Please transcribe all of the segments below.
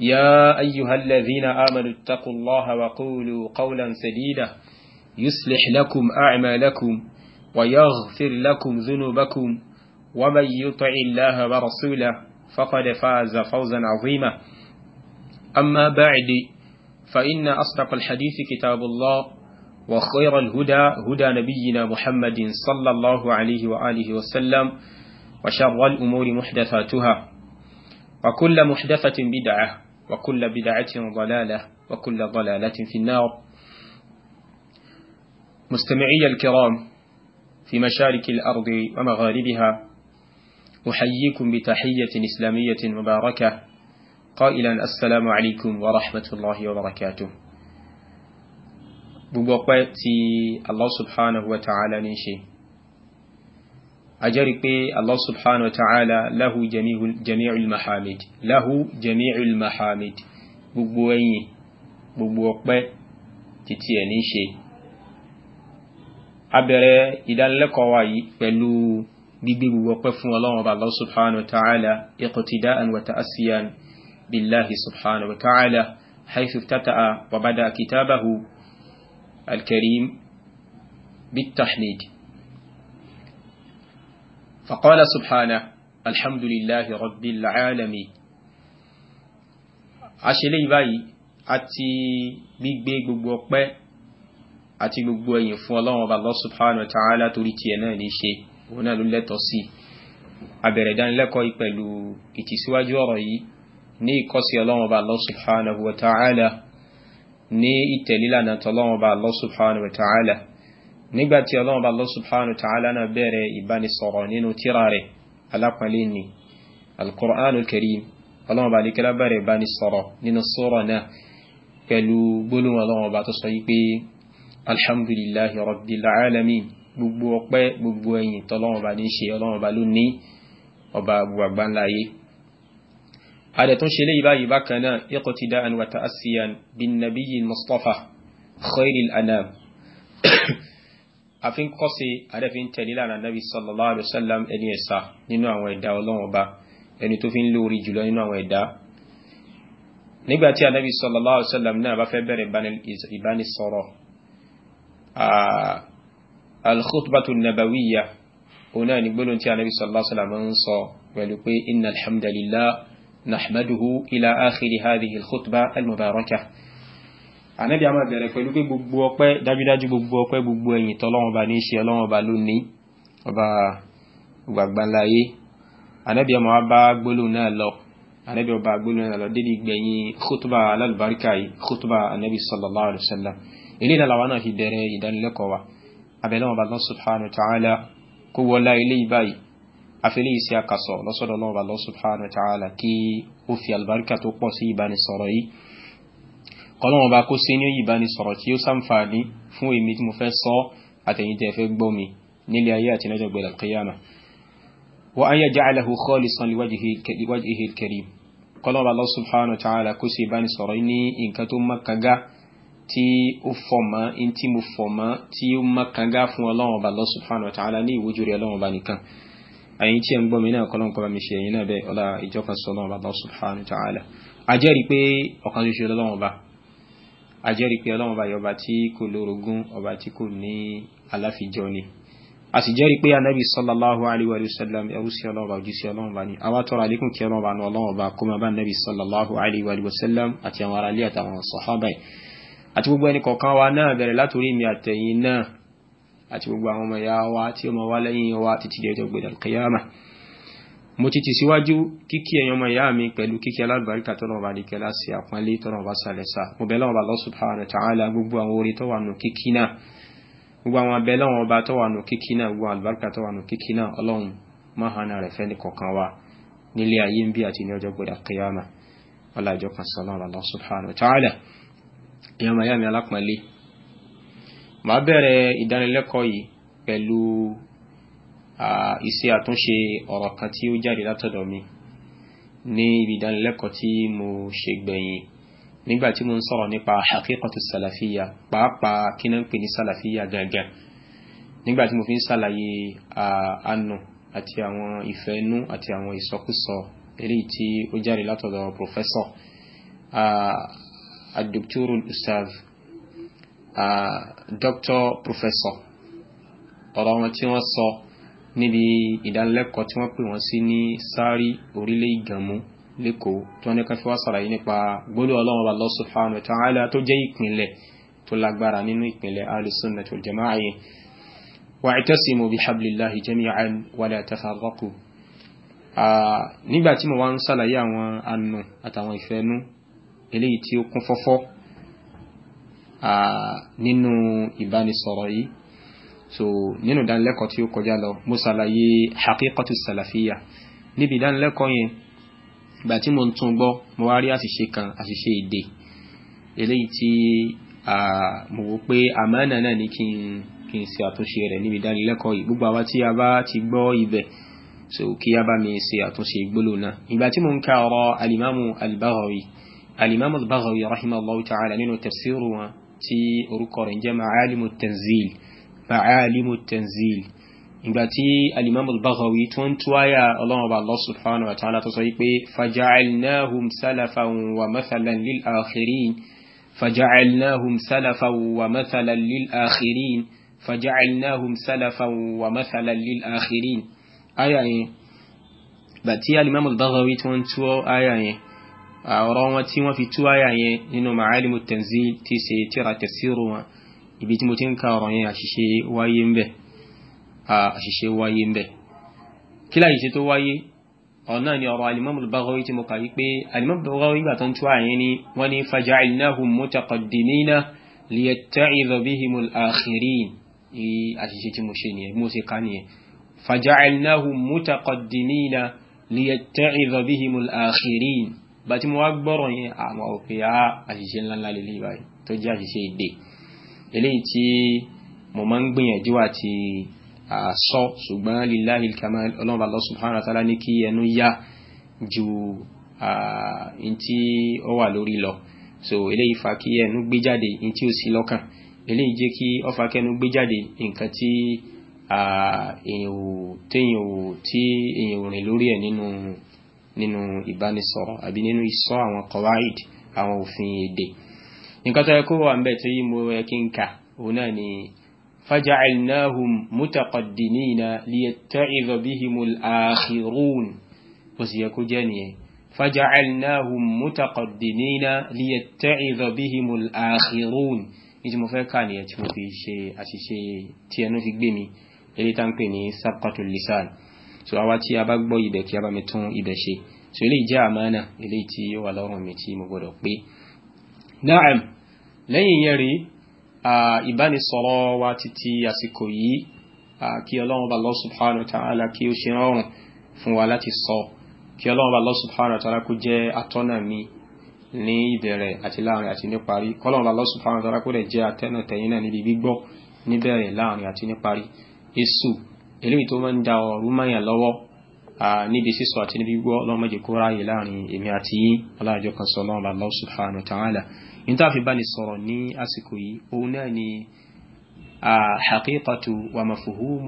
يا أيها الذين آمنوا اتقوا الله وقولوا قولا سديدا يصلح لكم أعمالكم ويغفر لكم ذنوبكم ومن يطع الله ورسوله فقد فاز فوزا عظيما أما بعد فإن أصدق الحديث كتاب الله وخير الهدى هدى نبينا محمد صلى الله عليه وآله وسلم وشر الأمور محدثاتها وكل محدثة بدعة وكل بدعة ضلالة وكل ضلالة في النار مستمعي الكرام في مشارك الأرض ومغاربها أحييكم بتحية إسلامية مباركة قائلا السلام عليكم ورحمة الله وبركاته بوبوكواتي الله سبحانه وتعالى نشيه أجري بي الله سبحانه وتعالى له جميع جميع المحامد له جميع المحامد gbogbo ẹ̀yìn gbogbo ọpẹ́ títí ẹ̀ ní ṣe a bẹ̀rẹ̀ ìdánilẹ́kọ̀ọ́ wa yìí pẹ̀lú gbígbé gbogbo ọpẹ́ fún Ọlọ́run Ọba Allah subhanahu wa ta'ala iqtida'an wa ta'asiyan billahi subhanahu wa ta'ala haythu iftata'a wa bada kitabahu al-karim bit-tahmid فقال سبحانه الحمد لله رب العالمين àṣẹlẹ̀ ìbáyìí àti gbígbé gbogbo ọpẹ́ àti gbogbo ẹ̀yìn fún ọlọ́run ọba Allah subhanahu wa ta'ala torí tí ẹ̀ náà ní ṣe òun náà ló lẹ́tọ̀ sí àbẹ̀rẹ̀ ìdánilẹ́kọ̀ọ́ pẹ̀lú ìtìsíwájú ọ̀rọ̀ yìí ní ìkọ́sí ọlọ́run ọba Allah subhanahu wa ta'ala ní ìtẹ̀lílànà tọ́lọ́run ọba Allah subhanahu wa ta'ala nígbàtí ọlọ́run bá Allah subhanahu wa ta'ala náà bẹ̀rẹ̀ ìbánisọ̀rọ̀ nínú tírà rẹ̀ alápàlẹ́ ni al-Qur'an al-Karim ọlọ́run bá lékẹ́lá bẹ̀rẹ̀ ìbánisọ̀rọ̀ nínú sura náà pẹ̀lú gbólóhùn ọlọ́run bá tó sọ yí pé alhamdulillahi rabbil alamin gbogbo ọpẹ́ gbogbo ẹ̀yìn tọ́lọ́run bá ní àfi ń kọ́sí àdẹ́fi ń tẹ̀lé lánàá nàbí sallallahu alaihi wasallam ẹni ẹ̀sà nínú àwọn ẹ̀dá ọlọ́wọ́n ọba ẹni tó fi ń lórí jùlọ nínú àwọn ẹ̀dá nígbà tí ànábì sallallahu alaihi wasallam náà bá fẹ́ bẹ̀rẹ̀ ìbánisọ̀rọ̀ al-khutbatu nabawiyya òun náà ni gbólóhùn tí ànábì sallallahu alaihi wasallam ń ànábì àmọ́ bẹ̀rẹ̀ pẹ̀lú pé gbogbo ọpẹ́ dájúdájú gbogbo ọpẹ́ gbogbo ẹ̀yìn tọ́lọ́run ọba ní í ṣe ọlọ́run ọba lónìí ọba gbàgbàláyé ànábì àmọ́ bá gbólóhùn náà lọ ànábì ọba gbólóhùn náà lọ débi gbẹ̀yìn khutuba alálùbáríkà yìí khutuba ànábì sallallahu alaihi wasallam ilé náà làwọn náà fi bẹ̀rẹ̀ ìdánilẹ́kọ̀ọ́ wa abẹ́lẹ́ wọn bá lọ subhanahu ta'ala kó wọlá ilé yìí báyìí afẹ́lẹ́ yìí sí akasọ̀ lọ́sọ̀dọ̀ náà bá lọ subhanahu kọ́lọ́wọ́n bá kó sí ní ìbánisọ̀rọ̀ tí ó sàǹfààní fún èmi tí mo fẹ́ sọ àtẹ̀yìn tẹ́ fẹ́ gbọ́ mi nílé ayé àti lọ́jọ́ gbẹ̀rẹ̀ kíyàmà wa an yaj'alahu khalisan liwajhihi al-karim kọ́lọ́wọ́n bá Allah subhanahu wa ta'ala kó sí ìbánisọ̀rọ̀ ní nǹkan tó mọ́kànga tí ó fọ̀mọ́ in tí mo fọ̀mọ́ tí ó mọ́kànga fún ọlọ́wọ́n bá Allah subhanahu wa ta'ala ń gbọ́ náà kọ́lọ́wọ́n bá mi ṣe ẹ̀yìn náà bẹ́ẹ̀ ọlá ìjọkan sọ ọlọ́wọ́n bá Allah subhanahu wa ta'ala a jẹ́rìí pé ọ̀kan ṣoṣo ọlọ́wọ́n bá ajẹ́rìí pé ọlọ́run ọba ọba tí kò lórogún ọba tí kò ní aláfijọ́ ni a sì jẹ́rìí pé anábì sallallahu alayhi wa sallam ẹrú sí ọlọ́run ọba ojúṣe ọlọ́run ọba ni àwa tọrọ àlékún kí ọlọ́run ọba nu ọlọ́run ọba kó máa bá anábì sallallahu alayhi wa sallam àti àwọn aráalé àtàwọn sọ̀hábà mo ti ti síwájú kíkí ẹ̀yàn ọmọ ìyá mi pẹ̀lú kíkí alábàríkà tọ́nà ọba nìkẹ́ láti àpọ́nlé tọ́nà ọba sàlẹ̀sà mo bẹ̀ lọ́wọ́ Allah subhanahu wa ta'ala gbogbo àwọn orí tọ́wà nù kíkí náà gbogbo àwọn abẹ́ lọ́wọ́ ọba tọ́wà nù kíkí náà gbogbo àlùbáríkà tọ́wà nù kíkí náà ọlọ́run máa hàn rẹ̀ fẹ́ ní wa nílé ayé ń bí àti ní ọjọ́ gbọdọ̀ kíyàmà ọlájọ́ kan sọ lọ́rọ̀ Allah subhanahu wa ta'ala ẹ̀yàn ọmọ ìyá mi alápọ̀nlé màá bẹ̀rẹ̀ ìdánilẹ́kọ̀ọ́ yìí pẹ̀lú iṣẹ́ àtúnṣe ọ̀rọ̀ kan tí ó jáde látọ̀dọ̀ mi ní ibi ìdánilẹ́kọ̀ọ́ tí mo ṣe gbẹ̀yìn nígbà tí mo ń sọ̀rọ̀ nípa haqiqatu salafiya pàápàá kí náà ń pè ní salafiya gangan nígbà tí mo fi ń ṣàlàyé àánú àti àwọn ìfẹ́nú àti àwọn ìsọkúsọ eléyìí tí ó jáde látọ̀dọ̀ professor adoktorul ustaz doctor professor ọ̀rọ̀ wọn tí wọ́n sọ níbi ìdánilẹ́kọ̀ọ́ tí wọ́n pè wọ́n sí ní sáárì orílẹ̀ ìgànmú lẹ́kọ̀ọ́ tí wọ́n ní kan fi wá sàlàyé nípa gbólóhùn ọlọ́run ọba Allah subhanahu wa ta'ala tó jẹ́ ìpìnlẹ̀ tó lágbára nínú ìpìnlẹ̀ ahlus sunnah wal jama'ah yẹn wa'tasimu bihablillahi jami'an wala tafarraqu nígbà tí mo wá ń sàlàyé so nínú ìdánilẹ́kọ̀ọ́ tí ó kọjá lọ mo ṣàlàyé haqiqatu salafiyya níbi ìdánilẹ́kọ̀ọ́ yẹn ìgbà tí mo ń tún gbọ́ mo wá rí àṣìṣe kan àṣìṣe èdè eléyìí tí mo wò pé àmánà náà ní kí n kí n ṣe àtúnṣe rẹ̀ níbi ìdánilẹ́kọ̀ọ́ yìí gbogbo àwa tí a bá ti gbọ́ ibẹ̀ so kí a bá mi ṣe àtúnṣe gbólóhùn náà ìgbà tí mo ń ka ọ̀rọ̀ alimamu al alimamu al rahimahullahu ta'ala nínú tafsiru tí orúkọ rẹ̀ ń jẹ́ ma'alimu tanzil ma'alimu tanzil ìgbàtí alimam al-baghawi tó ń tuwaya ọlọ́run ọba allah subhanahu wa ta'ala tó sọ wípé faja'alnahum salafan wa mathalan lil akhirin faja'alnahum salafan wa mathalan lil akhirin faja'alnahum salafan wa mathalan lil akhirin aya yẹn gbàtí alimam al-baghawi tó ń aya yẹn ọ̀rọ̀ wọn tí wọ́n fi tuwaya yẹn nínú ma'alimu tanzil ti ṣe tíra tafsiru wọn ibi tí mo ti ń ka ọ̀rọ̀ yẹn àṣìṣe wáyé ń bẹ̀ àṣìṣe wáyé ń bẹ̀ kí láyìí ṣe tó wáyé ọ̀nà ni ọ̀rọ̀ alimamul Baghawi tí mo kà yí pé alimamul Baghawi gbà tó ń tú àyẹn ni wọ́n ní faja'alnahum mutaqaddimina liyatta'idha bihimul akhirin àṣìṣe tí mo ṣe eléyìí tí mo máa ń gbìyànjú àti àsọ ṣùgbọ́n lillahi al-kamal ọlọ́run Allah subhanahu wa ta'ala ní kí ẹnu yá ju ntí ó wà lórí lọ so eléyìí fa kí ẹnu gbé jáde ntí ó sì lọ́kàn eléyìí jẹ́ kí ó fa kẹnu gbé jáde nǹkan tí èèyàn ò téèyàn ò tí èèyàn ò rìn lórí ẹ̀ nínú nínú ìbánisọ̀rọ̀ àbí nínú ìsọ àwọn qawaid àwọn òfin èdè nǹkan tó yẹ kó wà ń bẹ̀ tí mo yẹ kí n kà òun náà ni faja'alnahum mutaqaddimina liyatta'iza bihimul akhirun bó sì yẹ kó jẹ́ nìyẹn faja'alnahum mutaqaddimina liyatta'iza ní tí mo fẹ́ kà nìyẹn tí na'am lẹ́yìn yẹn rí ìbánisọ̀rọ̀ wa títí àsìkò yìí kí ọlọ́run bá Allah subhanahu wa ta'ala kí ó ṣe rọrùn fún wa láti sọ kí ọlọ́run bá Allah subhanahu wa ta'ala kó jẹ́ atọ́nà mi ní ìbẹ̀rẹ̀ àti láàrin àti níparí kọ́lọ́run bá Allah subhanahu wa ta'ala kó dẹ̀ jẹ́ atẹ́nà tẹ̀yìn náà níbi gbígbọ́ níbẹ̀rẹ̀ láàrin àti níparí èso eléyìí tó níbi sísọ àti níbi gbọ́ ọlọ́mọdé kó ráyè láàrin èmi àti yí aláàjọ kan sọ ọlọ́run Allah subhanahu wa ta'ala ní tá fi bá ní sọ̀rọ̀ ní àsìkò yìí òun náà ni حقيقة ومفهوم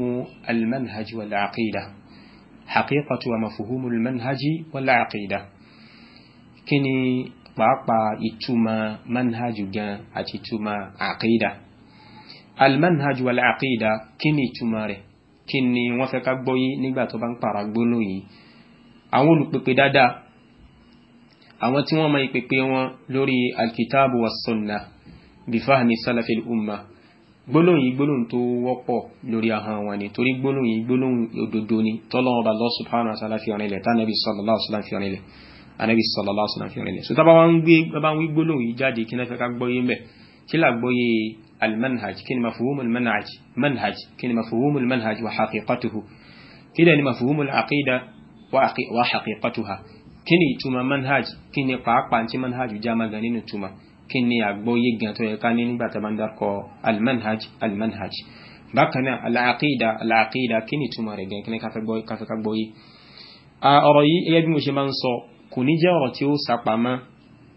المنهج والعقيدة حقيقة ومفهوم المنهج ki ni pàápàá ìtumọ̀ manhaj gan àti ìtumọ̀ àkídà al manhaj wal àkídà kíni ìtumọ̀ rẹ̀ kí ni wọ́n fẹ́ ká gbọ́ yé nígbà tó bá ń para gbóló yìí àwọn olùpèpè dáadáa àwọn tí wọ́n mọ ìpèpè wọn lórí alkitabu wa sunna bifahmi salafil umma gbólóhùn yìí gbólóhùn tó wọ́pọ̀ lórí ahọ́n wọn ni torí gbólóhùn yìí gbólóhùn òdodo ni tọ́lọ́wọ́n bá Allah subhanahu wa ta'ala fi ọ̀rìn ilẹ̀ tánàbí sallallahu alaihi fi ọ̀rìn ilẹ̀ المنهج كن مفهوم المنهج منهج كن مفهوم المنهج وحقيقته كده مفهوم العقيدة وحقيقتها كني توما منهج كن يقعق أنت منهج جامع غنين يتم كن يقبو يجن تو يقانين باتبندر كو المنهج المنهج بكنا العقيدة العقيدة كني توما رجن كن كفبوي كفبوي أرأي يبي مش منصو كوني جارة يو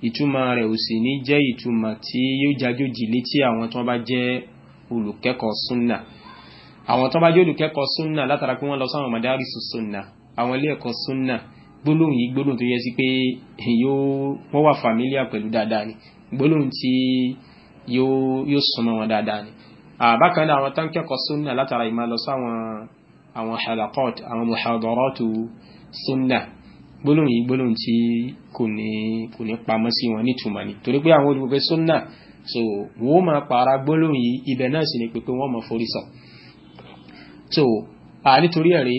ìtumọ̀ rẹ̀ ò sì ní jẹ́ ìtumọ̀ tí yóò jájójì létí àwọn tó bá jẹ́ olùkẹ́kọ̀ọ́ súnà àwọn tó bá jẹ́ olùkẹ́kọ̀ọ́ súnà látara pé wọ́n lọ sáwọn madarisu súnà àwọn ilé ẹ̀kọ́ súnà gbólóhùn yìí gbólóhùn tó yẹ sí pé wọ́n wà fàmílíà pẹ̀lú dáadáa ni gbólóhùn tí yóò súnmọ́ wọn dáadáa ni bákan náà àwọn tó súnà látara ìmọ̀ lọ sáwọn àwọn àwọn gbólóhùn yìí gbólóhùn tí kò ní kò ní pamọ́ sí wọn nítumọ̀ ni torí pé àwọn olùgbé sunna so wọ́n máa para gbólóhùn yìí ibẹ̀ náà sì ni pé pé wọ́n máa forí sọ so à nítorí ẹ̀rí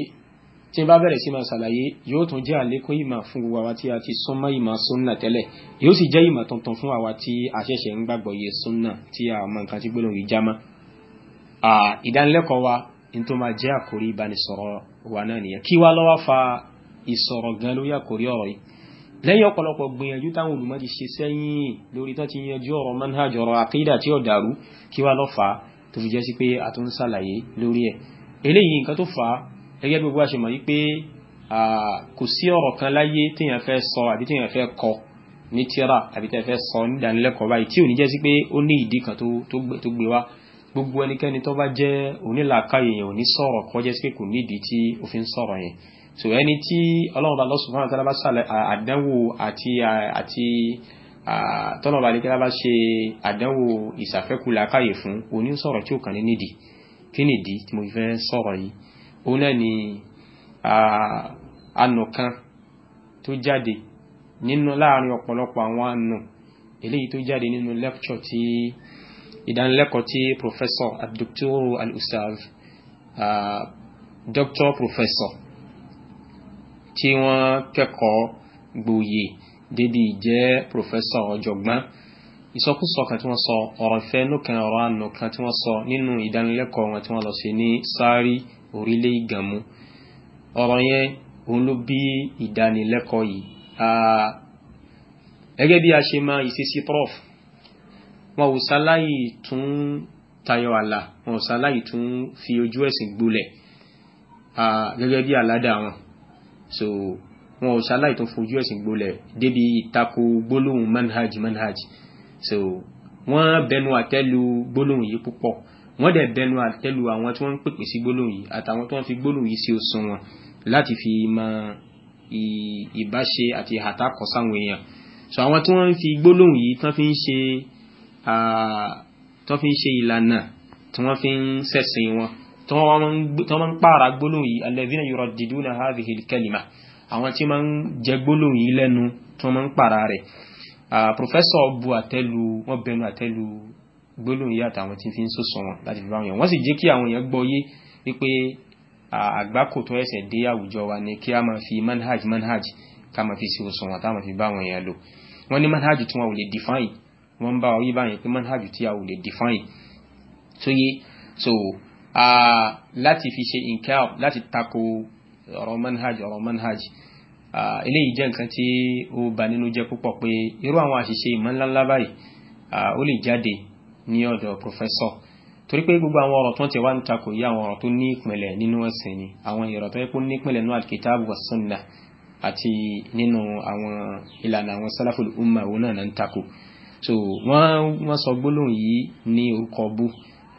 tí n bá bẹ̀rẹ̀ sí máa ṣàlàyé yóò tún jẹ́ àlékún ìmọ̀ fún gbogbo àwa tí a ti súnmọ́ ìmọ̀ sunna tẹ́lẹ̀ yóò sì jẹ́ ìmọ̀ tuntun fún àwa tí a ṣẹ̀ṣẹ̀ ń gbàgbọ́ iye sunna tí a mọ nǹkan tí gbólóhùn yìí jámọ́ ìdánilẹ́kọ̀ọ́ wa ní tó máa jẹ́ àkórí ìbánisọ̀rọ̀ wa náà nìyẹn kí wá ló fa ìsọ̀rọ̀ gan lórí àkórí ọ̀rọ̀ yìí lẹ́yìn ọ̀pọ̀lọpọ̀ gbìyànjú táwọn olùmọ̀ ti ṣe sẹ́yìn lórí tán ti yanjú ọ̀rọ̀ manhaj ọ̀rọ̀ àkídà tí ó dàrú kí wá ló fà á tó fi jẹ́ sí pé a tún ń ṣàlàyé lórí ẹ̀ eléyìí nǹkan tó fà á gẹ́gẹ́ bí gbogbo àṣemọ̀ yìí pé kò sí ọ̀rọ̀ kan láyé téèyàn fẹ́ sọ àbí téèyàn fẹ́ kọ ní tíra àbí téèyàn fẹ́ sọ ní ìdánilẹ́kọ̀ọ́ báyìí so ẹni tí ọlọ́run bá lọ́sùn fún àtàlà bá sàlẹ̀ àdánwò àti àti tọ́lọ́run bá nìkẹ́lá bá ṣe àdánwò ìsàfẹ́kù làákàyè fún oní sọ̀rọ̀ tí ó kàn ní nídìí kí nìdí tí mo fẹ́ sọ̀rọ̀ yìí òun náà ni ànà kan tó jáde nínú láàrin ọ̀pọ̀lọpọ̀ àwọn ànà eléyìí tó jáde nínú lẹ́kṣọ̀ tí ìdánilẹ́kọ̀ọ́ tí professor abdulkiru al-ustaz doctor professor tí wọ́n kẹ́kọ̀ọ́ gboyè débi ìjẹ́ pòfẹ́sọ̀ ọ̀jọ̀gbọ́n ìsọkúsọ kan tí wọ́n sọ ọ̀rọ̀ ìfẹ́nú kan ọ̀rọ̀ àánú kan tí wọ́n sọ nínú ìdánilẹ́kọ̀ọ́ wọn tí wọ́n lọ sí ní sáárì orílẹ̀ ìgànmú ọ̀rọ̀ yẹn òun ló bí ìdánilẹ́kọ̀ọ́ yìí gẹ́gẹ́ bí a ṣe máa ìṣesí prof wọn ò sáláyì tún tayọ àlà wọn ò sáláyì tún fi ojú ẹ̀sìn gbolẹ̀ gẹ́gẹ́ bí àládà wọn so wọn ò ṣaláì tó fojú ẹ̀sìn gbolẹ̀ débi ìtako gbólóhùn manhaj manhaj so wọ́n bẹnu àtẹ́lu gbólóhùn yìí púpọ̀ wọ́n dẹ̀ bẹnu àtẹ́lu àwọn tí wọ́n ń pèpè sí gbólóhùn yìí àtàwọn tí wọ́n fi gbólóhùn yìí sí oṣù wọn láti fi mọ ìbáṣe àti àtakọ̀ sáwọn èèyàn so àwọn tí wọ́n ń fi gbólóhùn yìí tán fi ń ṣe ìlànà tí wọ́n fi ń ṣẹ̀sìn wọn tí wọ́n máa ń pààrà gbólóhùn yìí alladhina yuraddiduna hadhihi al-kalima àwọn tí máa ń jẹ gbólóhùn yìí lẹ́nu tí wọ́n ń pààrà rẹ̀ professor bu àtẹ́lu wọ́n bẹnu àtẹ́lu gbólóhùn yìí àtàwọn tí fi ń sòsò wọn láti fi bá wọn wọ́n sì jẹ́ kí àwọn èèyàn gbọ́ yé wípé àgbákò tó ẹsẹ̀ a máa manhaj manhaj ká máa fi sí òsùn wọn táwọn fi bá wọn define wọ́n bá ọ yí báyìí pé a ò lè define tó yé so, so láti fi ṣe inkar láti tako ọ̀rọ̀ manhaj ọ̀rọ̀ manhaj eléyìí jẹ́ nǹkan tí ó bà nínú jẹ́ púpọ̀ pé irú àwọn àṣìṣe ìmọ̀ńláńlá báyìí ó lè jáde ní ọ̀dọ̀ pòfẹ́sọ̀ torí pé gbogbo àwọn ọ̀rọ̀ tó ń tẹ̀ wá ń takò yí àwọn ọ̀rọ̀ tó ní ìpìnlẹ̀ nínú ẹ̀sìn ni àwọn ọ̀rọ̀ tó yẹ wa sunna àti nínú àwọn ìlànà àwọn salaful umma òun náà so wọ́n sọ gbólóhùn yìí ní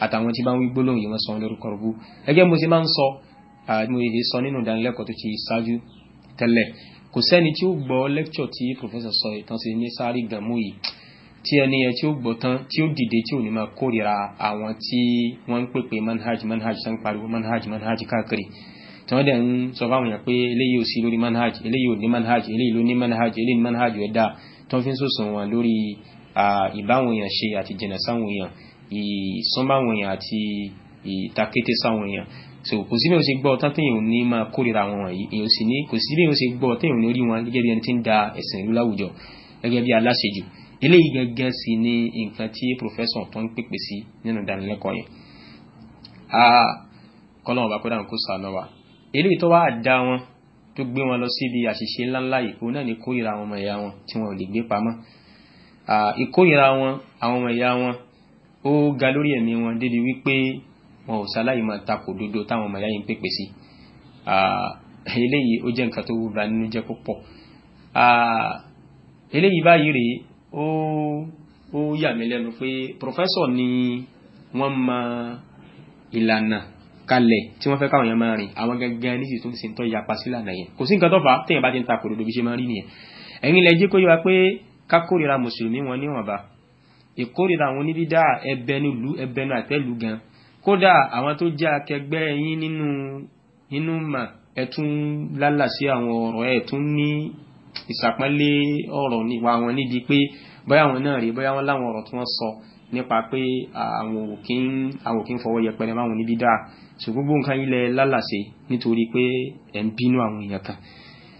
àtàwọn tí bá ń wí gbólóhùn yìí wọ́n sọ lórúkọ rúbú ẹgẹ́ mo ti máa ń sọ mo yìí sọ nínú ìdánilẹ́kọ̀ọ́ tó ti ṣáájú tẹ́lẹ̀ kò sẹ́ni tí ó gbọ́ lẹ́kṣọ̀ tí professor sọ ìtàn sí ní sáré gàmú yìí tí ẹni yẹn tí ó gbọ́ tán tí ó dìde tí ò ní máa kórìíra àwọn tí wọ́n ń pèpè manhaj manhaj tán pariwo manhaj manhaj káàkiri tí wọ́n dẹ̀ ń sọ fáwọn èèyàn pé eléyìí ò sí lórí manhaj eléyìí ò ní manhaj eléyìí ló ní manhaj eléyìí ní manhaj ẹ̀dá tó fi ń sòsò wọn lórí ìbáwọn èèyàn ṣe àti jìnnà sáwọn èèyàn ìsánbáwọn èèyàn àti ìtakété sáwọn èèyàn so kò sí bí o ṣe gbọ́ tán téèyàn ò ní máa kórìíra wọn yìí èèyàn sì ní kò sí bí o ṣe gbọ́ téèyàn ò ní rí wọn gẹ́gẹ́ bí ẹni tí ń da ẹ̀sìn ìlú láwùjọ gẹ́gẹ́ bí aláṣejù eléyìí gangan sì ni nǹkan tí pòfẹ́sọ̀ tó ń pèpè sí nínú ìdánilẹ́kọ̀ọ́ yẹn kọ́lọ́n ọba kódà kó sànà wa eléyìí tó wá dá wọn tó gbé wọn lọ síbi àṣìṣe ńláńlá yìí òun náà ní kórìíra àwọn ọmọ ẹ̀yà wọn tí wọn ò lè gbé pamọ́ ìkórìíra àwọn ọmọ ẹ̀yà wọn ó ga lórí ẹ̀mí wọn débi wípé wọn ò sáláyìí máa takò dodo táwọn ọmọ yáyìn pèpè sí eléyìí ó jẹ́ nǹkan tó wúra nínú jẹ́ púpọ̀ eléyìí báyìí rèé ó ó yà mí lẹ́nu pé pòfẹ́sọ̀ ni wọ́n mọ ìlànà kalẹ̀ tí wọ́n fẹ́ káwọn èèyàn máa rìn àwọn gangan ní ìsìtún sí tọ́ yapa sí ìlànà yẹn kò sí nǹkan tó fà á téèyàn bá ti ń ta kòdodo bí ṣe máa rí nìyẹn ẹ̀yin lẹ kó yé wa pé ká mùsùlùmí wọn níwọ̀nba ìkórìíra àwọn oníbídà ẹbẹnulú ẹbẹnu àtẹlù gan kódà àwọn tó jẹ́ akẹgbẹ́ yín nínú nínú mà ẹtún lálà sí àwọn ọ̀rọ̀ ẹtún ní ìsàpẹ́lé ọ̀rọ̀ nípa wọn níbi pé bóyá wọn náà rí bóyá wọn láwọn ọ̀rọ̀ tí wọ́n sọ nípa pé àwọn òkè àwọn òkè ń yẹpẹrẹ máwọn oníbídà ṣùgbọ́n gbogbo nǹkan ilẹ̀ lálàsẹ̀ nítorí pé ẹ̀ ń bínú àwọn èèyàn kan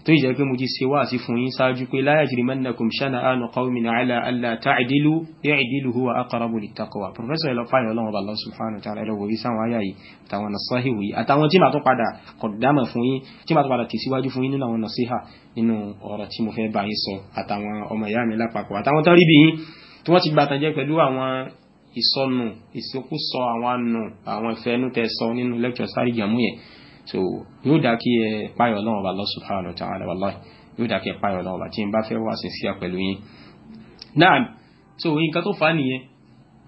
tó ìjẹ́ pé mo ti ṣe wá sí fún yín ṣáájú pé la yajrimannakum shana'anu qawmin ala alla ta'dilu i'dilu huwa aqrabu littaqwa professor ẹ̀ lọ fáyọ̀ ọlọ́run Allah subhanahu wa ta'ala ẹ̀rọ wòye sáwọn ayá yìí àtàwọn nasahi wòye àtàwọn tí màá tó padà kọ̀dámọ̀ fún yín tí màá tó padà tẹ̀síwájú fún yín nínú àwọn nasiha nínú ọ̀rọ̀ tí mo sọ àwọn ìsọnù àwọn ànù àwọn ìfẹ́nú sọ nínú lecture sáré jàmú yẹn so yóò dá kí ẹ páyọ̀ ọlọ́run Allah subhanahu wa ta'ala wallahi yóò dá kí ẹ páyọ̀ ọlọ́run tí n bá fẹ́ wá sí sí pẹ̀lú yín náà so nǹkan tó fà á nìyẹn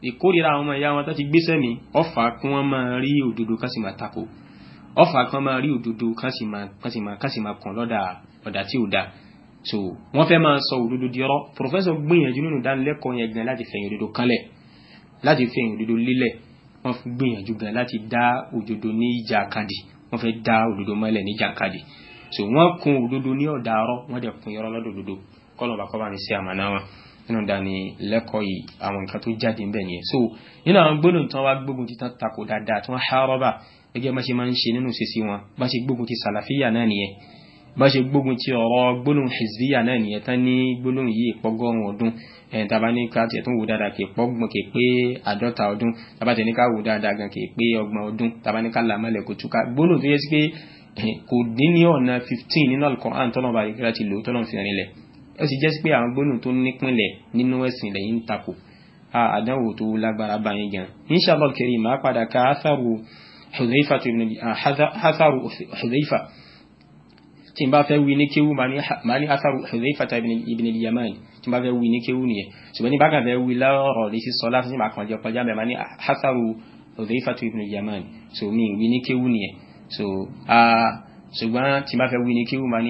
ìkórira àwọn ọmọ ìyá wọn tó ti gbé sẹ́mi ọ̀fà kí wọ́n máa rí òdodo kan sì máa tako ọ̀fà kan máa rí òdodo kan sì máa kàn lọ́dà ọ̀dà tí ò dáa so wọ́n fẹ́ máa sọ òdodo di ọ̀rọ̀ professor gbìyànjú nínú ìdánilẹ́kọ̀ọ́ yẹn gan láti fẹ̀yìn òdodo kanlẹ̀ láti fẹ̀yìn òdodo lílẹ̀ wọ́n gbìyànjú gan láti dá òdodo ní ìjàkadì wọ́n fẹ́ dá òdodo mọ́lẹ̀ ní jàǹkadì so wọ́n kun òdodo ní ọ̀dà arọ́ wọ́n dẹ̀ kun irọ́ lọ́dọ̀ òdodo kọ́lọ̀ bá kọ́ba ní sí àmàna wọn nínú dání lẹ́kọ̀ọ́ yìí àwọn nǹkan tó jáde ń nìyẹn so nínú àwọn gbólóhùn tí wọ́n wá gbógun ti tako dáadáa tí wọ́n hárọ́bà gẹ́gẹ́ bá ṣe máa ń ṣe nínú ìṣesí wọn bá ṣe gbógun ti sàlàfíyà náà nìyẹn bá ṣe gbógun ti ọ̀rọ̀ gbólóhùn hizbiya náà nìyẹn tán ní gbólóhùn yìí pọ́gọ́rùn ọdún ẹ̀yìn tàbá ní ká tiẹ̀ tún wò dáadáa kì í pọ́gbọ̀n kì í pé àádọ́ta ọdún tàbá tiẹ̀ ní ká wò dáadáa gan kì í pé ọgbọ̀n ọdún tàbá ní ká làmọ́lẹ̀ kò túká gbólóhùn tó yẹ sí pé eh, kò dín ní ọ̀nà fifteen nínú Al-Qur'an tọ́nà bá yìí láti lò tọ́nà fi rinlẹ̀ ó sì jẹ́ sí pé àwọn gbólóhùn tó nípìnlẹ̀ nínú ẹ̀sìn lẹ́yìn ń takò àdánwò tó lágbára bá yín gan Insha tí n bá fẹ́ wí ní kéwú màá ní atharu Hudhaifata ibn al-Yaman tí n bá fẹ́ wí ní kéwú nìyẹn ṣùgbọ́n ní bákan fẹ́ wí lọ́rọ̀ lè ṣe sọ láti ṣe máa kàn jọ kọjá mẹ́ẹ̀ ní atharu yaman so mi wí ní kéwú so ṣùgbọ́n tí n bá fẹ́ wí ní kéwú màá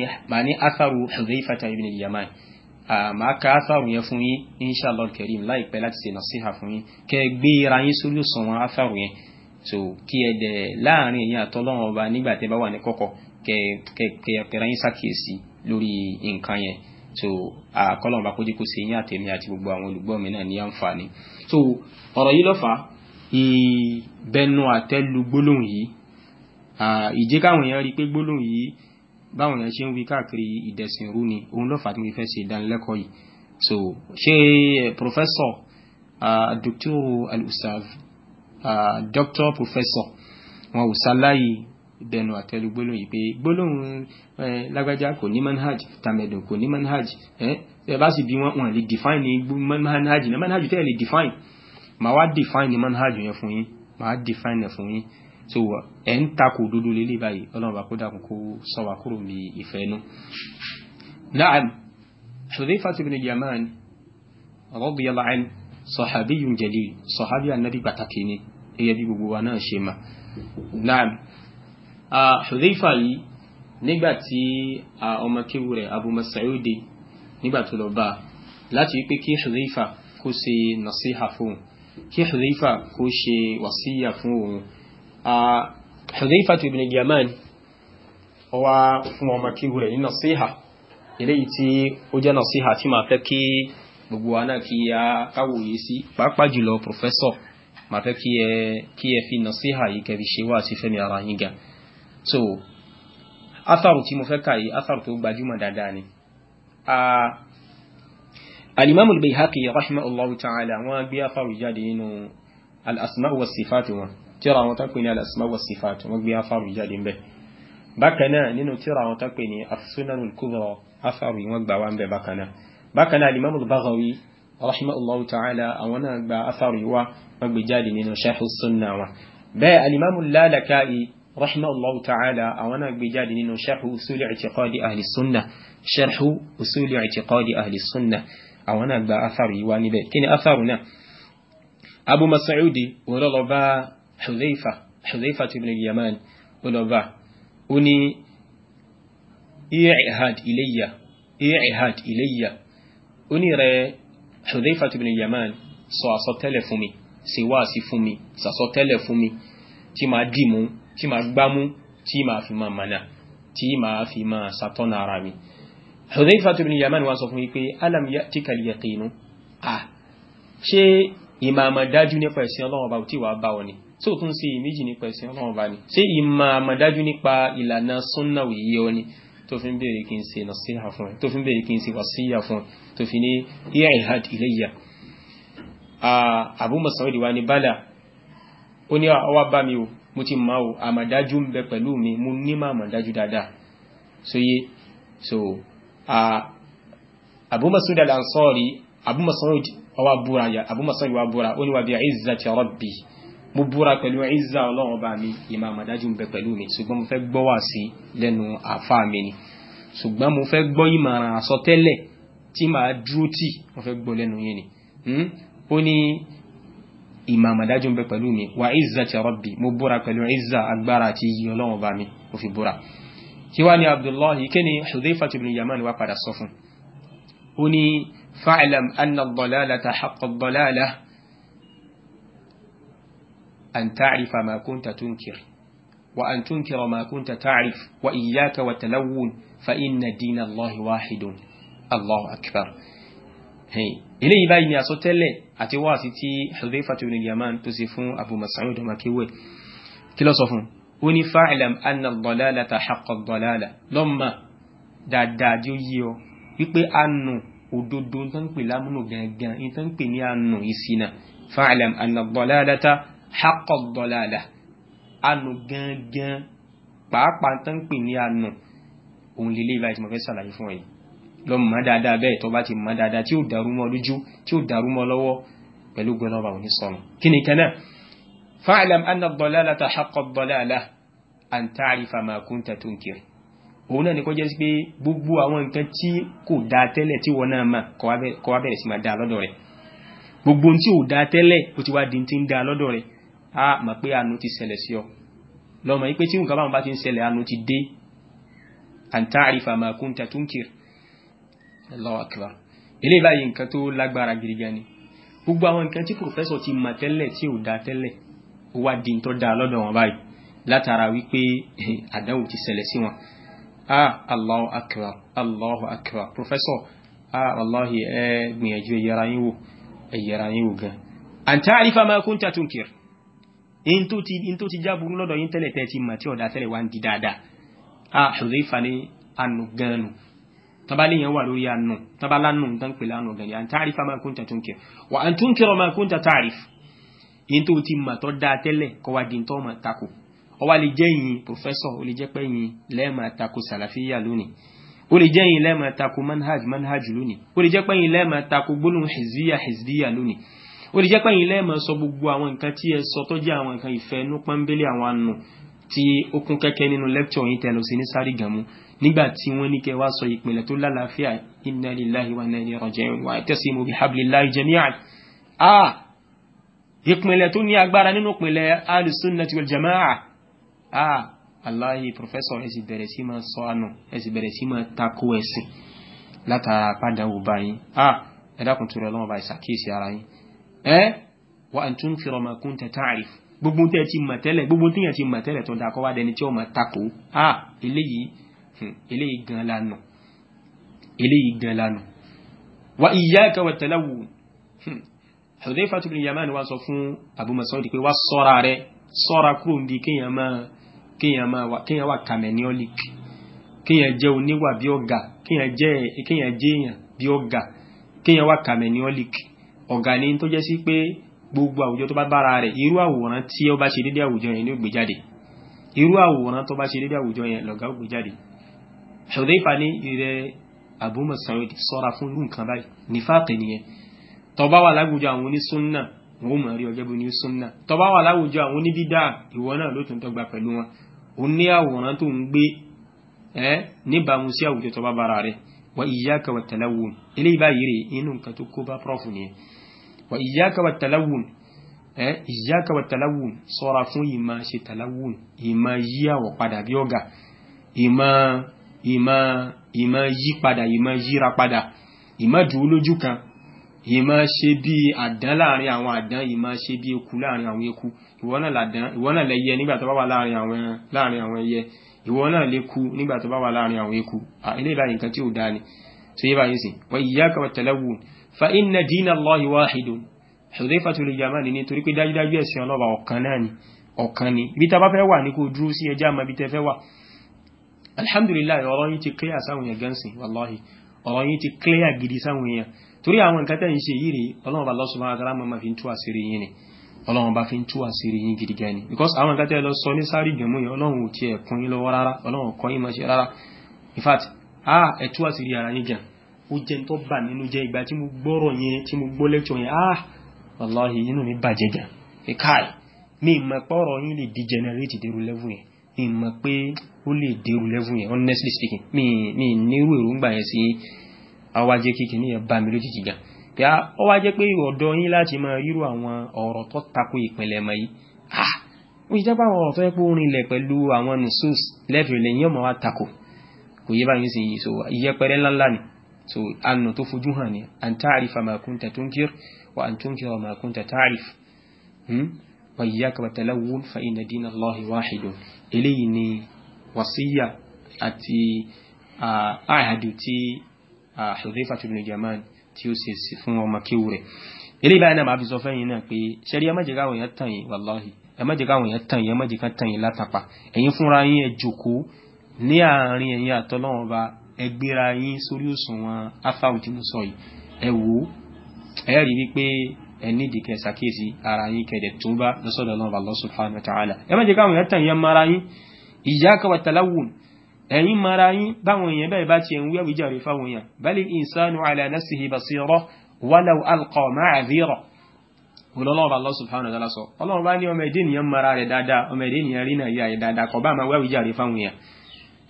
yaman màá ka atharu yẹn fún yín insha Allah al-Karim láìpẹ́ láti ṣe nasiha fún yín so kí ẹ dẹ̀ láàrin èyí àtọ́lọ́wọ́n ọba nígbà tẹ́ bá kẹ̀kẹ̀ra yín ṣàkíyèsí lórí nǹkan yẹn so àkọlọ́mọba kó jẹ́ kó ṣe yín àtẹ̀mí àti gbogbo àwọn olùgbọ́ mi náà ní àǹfààní so ọ̀rọ̀ yìí lọ́fà ìbẹnu àtẹ́lu gbólóhùn yìí ìjẹ́ káwọn èèyàn rí i pé gbólóhùn yìí báwọn èèyàn ṣe ń wí káàkiri ìdẹ̀sìn rú ni òun lọ́fà tí mo fẹ́ ṣe ìdánilẹ́kọ̀ọ́ yìí so ṣé professor uh, doctor al-ustaz doctor professor wọn ò ṣaláyìí dẹnu àtẹ́lu gbólóhùn yìí pé gbólóhùn lágbájá kò ní manhaj tàmẹ̀dùn kò ní manhaj ẹ bá sì bí wọn wọn lè define manhaj náà manhaj tẹ́ lè define màá wá define manhaj yẹn fún yín màá define ẹ̀ fún yín so ẹ̀ ń takò dúdú lélẹ̀ báyìí ọlọ́run bá kó dàkún kó sọ wá kúrò ní ìfẹ́ nu. na'am Hudhayfah ibn Yaman radiyallahu anhu sahabiyun jalil sahabi annabi pàtàkì ni gẹ́gẹ́ bí gbogbo wa náà ṣe mà na'am. Hudhaifa yìí nígbà tí ọmọ kéwu rẹ̀ Abu Mas'udi nígbà tó lọ bá láti wípé kí Hudhaifa kó ṣe nasiha fún òun kí Hudhaifa kó ṣe wàsíyà fún òun Hudhaifa tó ibn Yaman ó wá fún ọmọ kéwu rẹ̀ ní nasiha eléyìí tí ó jẹ́ nasiha tí màá fẹ́ kí gbogbo wa kí a káwòye sí pàápàá jùlọ pòfẹ́sọ̀ màá fẹ́ kí ẹ fi nasiha yìí kẹ́ ṣe wá àti fẹ́mi ara yín gan so atharu tí mo fẹ́ kà yìí atharu tó gbajúmọ̀ dáadáa ni al-imam al-bayhaqi rahimahullahu ta'ala wọ́n gbé atharu jáde nínú al-asma wa sifat wọn tírà wọn tó pè ní al-asma wa sifat wọ́n gbé atharu jáde ńbẹ̀ bákan náà nínú tírà wọn tó pè ní as-sunan al-kubra atharu wọ́n gbà wá ńbẹ̀ bákan náà al-imam al-baghawi rahimahullahu ta'ala àwọn gba atharu wa wọ́n gbé jáde nínú as-sunnah wa bẹ́ẹ̀ al-imam al-lalaka'i rahimahullahu ta'ala àwọn náà gbé jáde nínú sharhu usuli i'tiqadi ahli sunna sharhu usuli i'tiqadi ahli sunna àwọn náà gba atharu yìí wá níbẹ̀ kí ni atharu náà abu mas'udi wọ́n lọ bá hudhaifa hudhaifa ibn al-yaman wọ́n lọ bá ó ní i'had ilayya i'had ilayya ó ní rẹ̀ hudhaifa ibn al-yaman sọ àsọtẹ́lẹ̀ fún mi ṣe wáàsí fún mi ṣàsọtẹ́lẹ̀ fún mi tí máa dì mú tí màá gbámú tí màá fi máa mànà tí màá fi máa ṣàtọ́nà ara mi. Hudhayfatu ibn Yaman wá sọ fún mi alam ya'tika al-yaqinu à ṣé ìmàmà dájú nípa ẹ̀sìn ọlọ́run tí wàá bá ọ ni tí ò tún sí ìmíjì nípa ẹ̀sìn ọlọ́run ọba ni ṣé ìmàmà dájú nípa ìlànà súnnà òyìí ni tó fi ń bèèrè kí n ṣe nàṣíhà fún ẹ tó fi ń bèèrè kí n ṣe Abu Mas'ud wá ní bala ó ní ọwá bá mi o mo ti máa o àmàdájú ń bẹ pẹ̀lú mi mo nímọ̀ àmàdájú dáadáa so Abu Mas'ud al-Ansari Abu Mas'ud ọwá búra yà Abu Mas'ud wá búra ó ní wà rabbi mo búra pẹ̀lú izza ọlọ́run bá mi ìmọ̀ àmàdájú ń bẹ pẹ̀lú mi ṣùgbọ́n mo fẹ́ gbọ́ wà sí lẹ́nu àfá mi ni imam dájú ń bẹ pẹ̀lú mi wà izzati rabbi mo búra pẹ̀lú izza agbára àti iye ọlọ́run bá mi mo fi búra kí wá ní abdullahi kí ni hudhaifa ibn yaman wá padà sọ fún ó ní fa'lam anna ad-dalalata haqqa ad-dalalah an ta'rifa ma kunta tunkir wa an tunkira ma kunta ta'rif wa iyyaka wa talawun fa inna dina allahi wahidun allahu akbar hey eléyìí báyìí ni àsọtẹ́lẹ̀ àti wáàsí tí Hudhaifatu ibn Yaman tó ṣe fún Abu Mas'ud ọmọkéwẹ̀ kí ló sọ fún ó ní fa'lam anna ad-dalalata haqqa ad-dalala lọ́mà dáadáa tí ó yí ọ wípé anù òdodo tó ń pè lámúnù gangan ní tó ń pè ní anù ìṣìnà lọ mọ̀ dáadáa bẹ́ẹ̀ tó bá ti mọ̀ dáadáa tí ó dàrú mọ́ lójú tí ó dàrú mọ́ lọ́wọ́ pẹ̀lú gbọ́nọ́bà òní sọnù kí ni kan náà fa'lam anna ad-dalalata haqqa ad-dalalah an ta'rifa ma kunta tunkir òun náà ni kó jẹ́ sí pé gbogbo àwọn nǹkan tí kò dá tẹ́lẹ̀ tí wọ́n náà mà kọ́ wá bẹ̀rẹ̀ sí máa dá lọ́dọ̀ rẹ̀ gbogbo tí ò dá tẹ́lẹ̀ ó ti wá di ti ń dá lọ́dọ̀ rẹ̀ a mọ̀ pé àánú ti ṣẹlẹ̀ sí ọ lọ́mọ yìí pé tí nǹkan báwọn bá ti ń ṣẹlẹ̀ àánú ti dé an ta'rifa ma kunta tunkir Allahu akbar eléyìí báyìí nǹkan tó lágbára gidi gan ni gbogbo àwọn nǹkan tí pòfẹ́sọ̀ ti mọ̀ tẹ́lẹ̀ tí ò da tẹ́lẹ̀ ó wá di tó da lọ́dọ̀ wọn báyìí látara wípé eh, àdánwò ti ṣẹlẹ̀ sí wọn ah Allahu akbar Allahu akbar pòfẹ́sọ̀ ah wallahi ẹ gbìyànjú ẹ yẹra yín wò ẹ yẹra yín wò gan an ta'rifa ma kunta tunkir in tó in tó ti jáburú lọ́dọ̀ yín tẹ́lẹ̀ tẹ́ ti mọ̀ tí ò ah Hudhayfa ni anu tọba léyìn wà lórí àánú tọba lánú tán pè lánú gàdí à ń tàrífà máa kún tàtún kẹ wà á tún kẹrọ máa kún tàtàríf yìí tó ti mà tọ́ da tẹ́lẹ̀ kọ́ wa di tọ́ máa takò ọ wa lè jẹ́ yìí pòfẹ́sọ̀ ó lè jẹ́ pé yìí lẹ́ẹ̀máa takò sàlàfíà lónìí ó lè jẹ́ yìí lẹ́ẹ̀máa takò manhaj manhaj lónìí ó lè jẹ́ pé yìí lẹ́ẹ̀máa takò gbólóhùn hizbiya hizbiya lónìí ó lè jẹ́ pé yìí lẹ́ẹ̀máa sọ gbogbo àwọn nǹkan tí ẹ sọ tó jẹ́ àwọn nǹkan ìfẹ́ nú pọ́nbélé àwọn àánú tí ó kún kẹ́kẹ́ nínú lecture yìí tẹ̀lé sí ní sáré gàmú nígbà tí wọ́n ní kẹ́ wá sọ ìpìlẹ̀ tó lálàáfíà inna lillahi wa inna ilayhi raji'un wa i'tasimu bihablillahi jami'an a ìpìlẹ̀ tó ní agbára nínú ìpìlẹ̀ al-sunnati wal jama'a a aláyé professor ẹ sì bẹ̀rẹ̀ sí ta'rif gbogbo tẹ́ ti mọ̀ tẹ́lẹ̀ gbogbo tẹ́ ti mọ̀ tẹ́lẹ̀ tó ń dakọ́ wá dẹni tí ó mọ̀ takò á eléyìí eléyìí gan lanu eléyìí gan lanu wa iyyaka wa talawu Hudhayfatu bin Yaman wa sọ fún Abu Mas'ud pé wá sọ́ra rẹ sọ́ra kúrò níbi kéèyàn máa kéèyàn máa wà kéèyàn wà kàmẹ́niọ́lìk kéèyàn jẹ́ oníwà bí ọ̀gá kéèyàn jẹ́ kéèyàn jẹ́ èèyàn bí ọ̀gá kéèyàn wà kàmẹ́niọ́lìk ọ̀gá ni tó jẹ́ sí pé gbogbo àwùjọ tó bá bára rẹ̀ irú àwòrán tí ó bá ṣe dédé àwùjọ yẹn ni ó gbé jáde irú àwòrán tó bá ṣe dédé àwùjọ yẹn lọ̀gá ó gbé jáde Hudhayfa ní ìrẹ́ Abu Mas'ud sọ́ra fún irú nǹkan báyìí nífàkì nìyẹn tó bá wà láwùjọ àwọn onísúnnà wọn ò mọ̀ rí ọjọ́ bí ní súnnà tó bá wà láwùjọ àwọn oníbídà ìwọ náà ló tún tọ́gba pẹ̀lú wọn ó ní àwòrán tó ń gbé ẹ níbàámu sí àwùjọ tó bára rẹ̀ wa iyyaka wat talawwun eléyìí báyìí rè inú nǹkan tó kó bá prọ́fù nìyẹn wa iyyaka wat talawun eh iyyaka wat talawun ṣọ́ra fún ìmá ṣe talawun ìmá yí àwọ̀ padà bí ọ̀gà ìmá ìmá ìmá yí padà ìmá yíra padà ìmá dúró lójú kan ìmá ṣe bí àdán láàrin àwọn àdán ìmá ṣe bí eku láàrin àwọn eku ìwọ náà làdán ìwọ náà lẹyẹ nígbà tó bá wà láàrin àwọn láàrin àwọn ẹyẹ ìwọ náà lè ku nígbà tó bá wà láàrin àwọn eku eléyìí báyìí nǹkan tí ò dáa ni tó yé báyìí sìn wọ́n iyyaka wat talawun fa inna dina Allahi wahidun Hudhayfatul Yamani ni torí pé dájúdájú ẹ̀sìn ọlọ́ba ọ̀kan náà ni ọ̀kan ni ibi tá bá fẹ́ wà ní kó dúró sí ẹjá àmà ibi tẹ́ fẹ́ wà alhamdulillah ọ̀rọ̀ yìí ti clear sáwọn èèyàn gánsìn wallahi ọ̀rọ̀ yìí ti clear gidi sáwọn èèyàn torí àwọn because àwọn nǹkan tẹ́ lọ sọ ní sáré gẹ̀mú yẹn ọlọ́run ò tiẹ̀ kún yín lọ́wọ́ rárá ọlọ́run in fact ah ẹ̀ tú àṣírí ara yín ó jẹ́ tó bà nínú jẹ́ ìgbà tí mo gbọ́rọ̀ yẹn tí mo gbọ́ lẹ́kṣọ̀ yẹn ah wallahi inú mi bàjẹ́ gan káì mi mọ̀ pé ọ̀rọ̀ yín lè degenerate dérú level yẹn mi mọ̀ pé ó lè dérú level yẹn honestly speaking mi mi nírú èròǹgbà yẹn sí awájẹ́ kékeré yẹn bá mi lójijì gan pé ah, ó wá jẹ́ pé ọ̀dọ̀ yín láti máa rírú àwọn ọ̀rọ̀ tó tako ìpìlẹ̀ mọ́ yìí ah ó ṣe jẹ́ pé àwọn ọ̀rọ̀ tó yẹ pé ó rinlẹ̀ pẹ̀lú àwọn nusus lẹ́fìrì lẹ́yìn ọmọ wa tako kò yé báyìí sí so ìyẹpẹrẹ ńláńlá ni so anu tó fojú hàn ní an ta'rifa ma kunta tunkir wa an tunkira ma kunta ta'rif hmm? wa iyyaka wa talawun fa inna dina allahi wahidun eléyìí ni wasiya àti ahadu tí Hudhaifah ibn Yaman tí ó ṣe fún ọmọ kéwù rẹ̀ eléyìí báyìí náà máa fi sọ fẹ́yìn náà pé ṣẹ́rí ẹ má jẹ́ káwọn èèyàn tàn yín wàláhì ẹ má jẹ́ káwọn èèyàn tàn yín ẹ má jẹ́ ká tàn yín látàpá ẹ̀yin fúnra yín ẹ jòkó ní àárín ẹ̀yin àtọ́lọ́wọ́n ba ẹ gbéra yín sórí òṣùwọ̀n afáwù tí mo sọ yìí ẹ wò ó ẹ rí wípé ẹ nídìí kẹ ṣàkíyèsí ara yín kẹdẹ tó bá lọsọdọ náà Allah subhanahu wa ta'ala ẹ má jẹ káwọn èèyàn yẹn mara yín iyyaka wa talawun ẹ̀yin mara yín báwọn èèyàn bẹ́ẹ̀ bá ti ẹ̀ ń wí àwíjàre fáwọn èèyàn bal insanu ala nafsihi basira walau alqa ma'adhira olọ́lọ́ọ̀bá Allah subhanahu wa ta'ala sọ ọlọ́run bá ní ọmọ ẹ̀dẹ́ nìyẹn mara rẹ̀ ọmọ ẹ̀dẹ́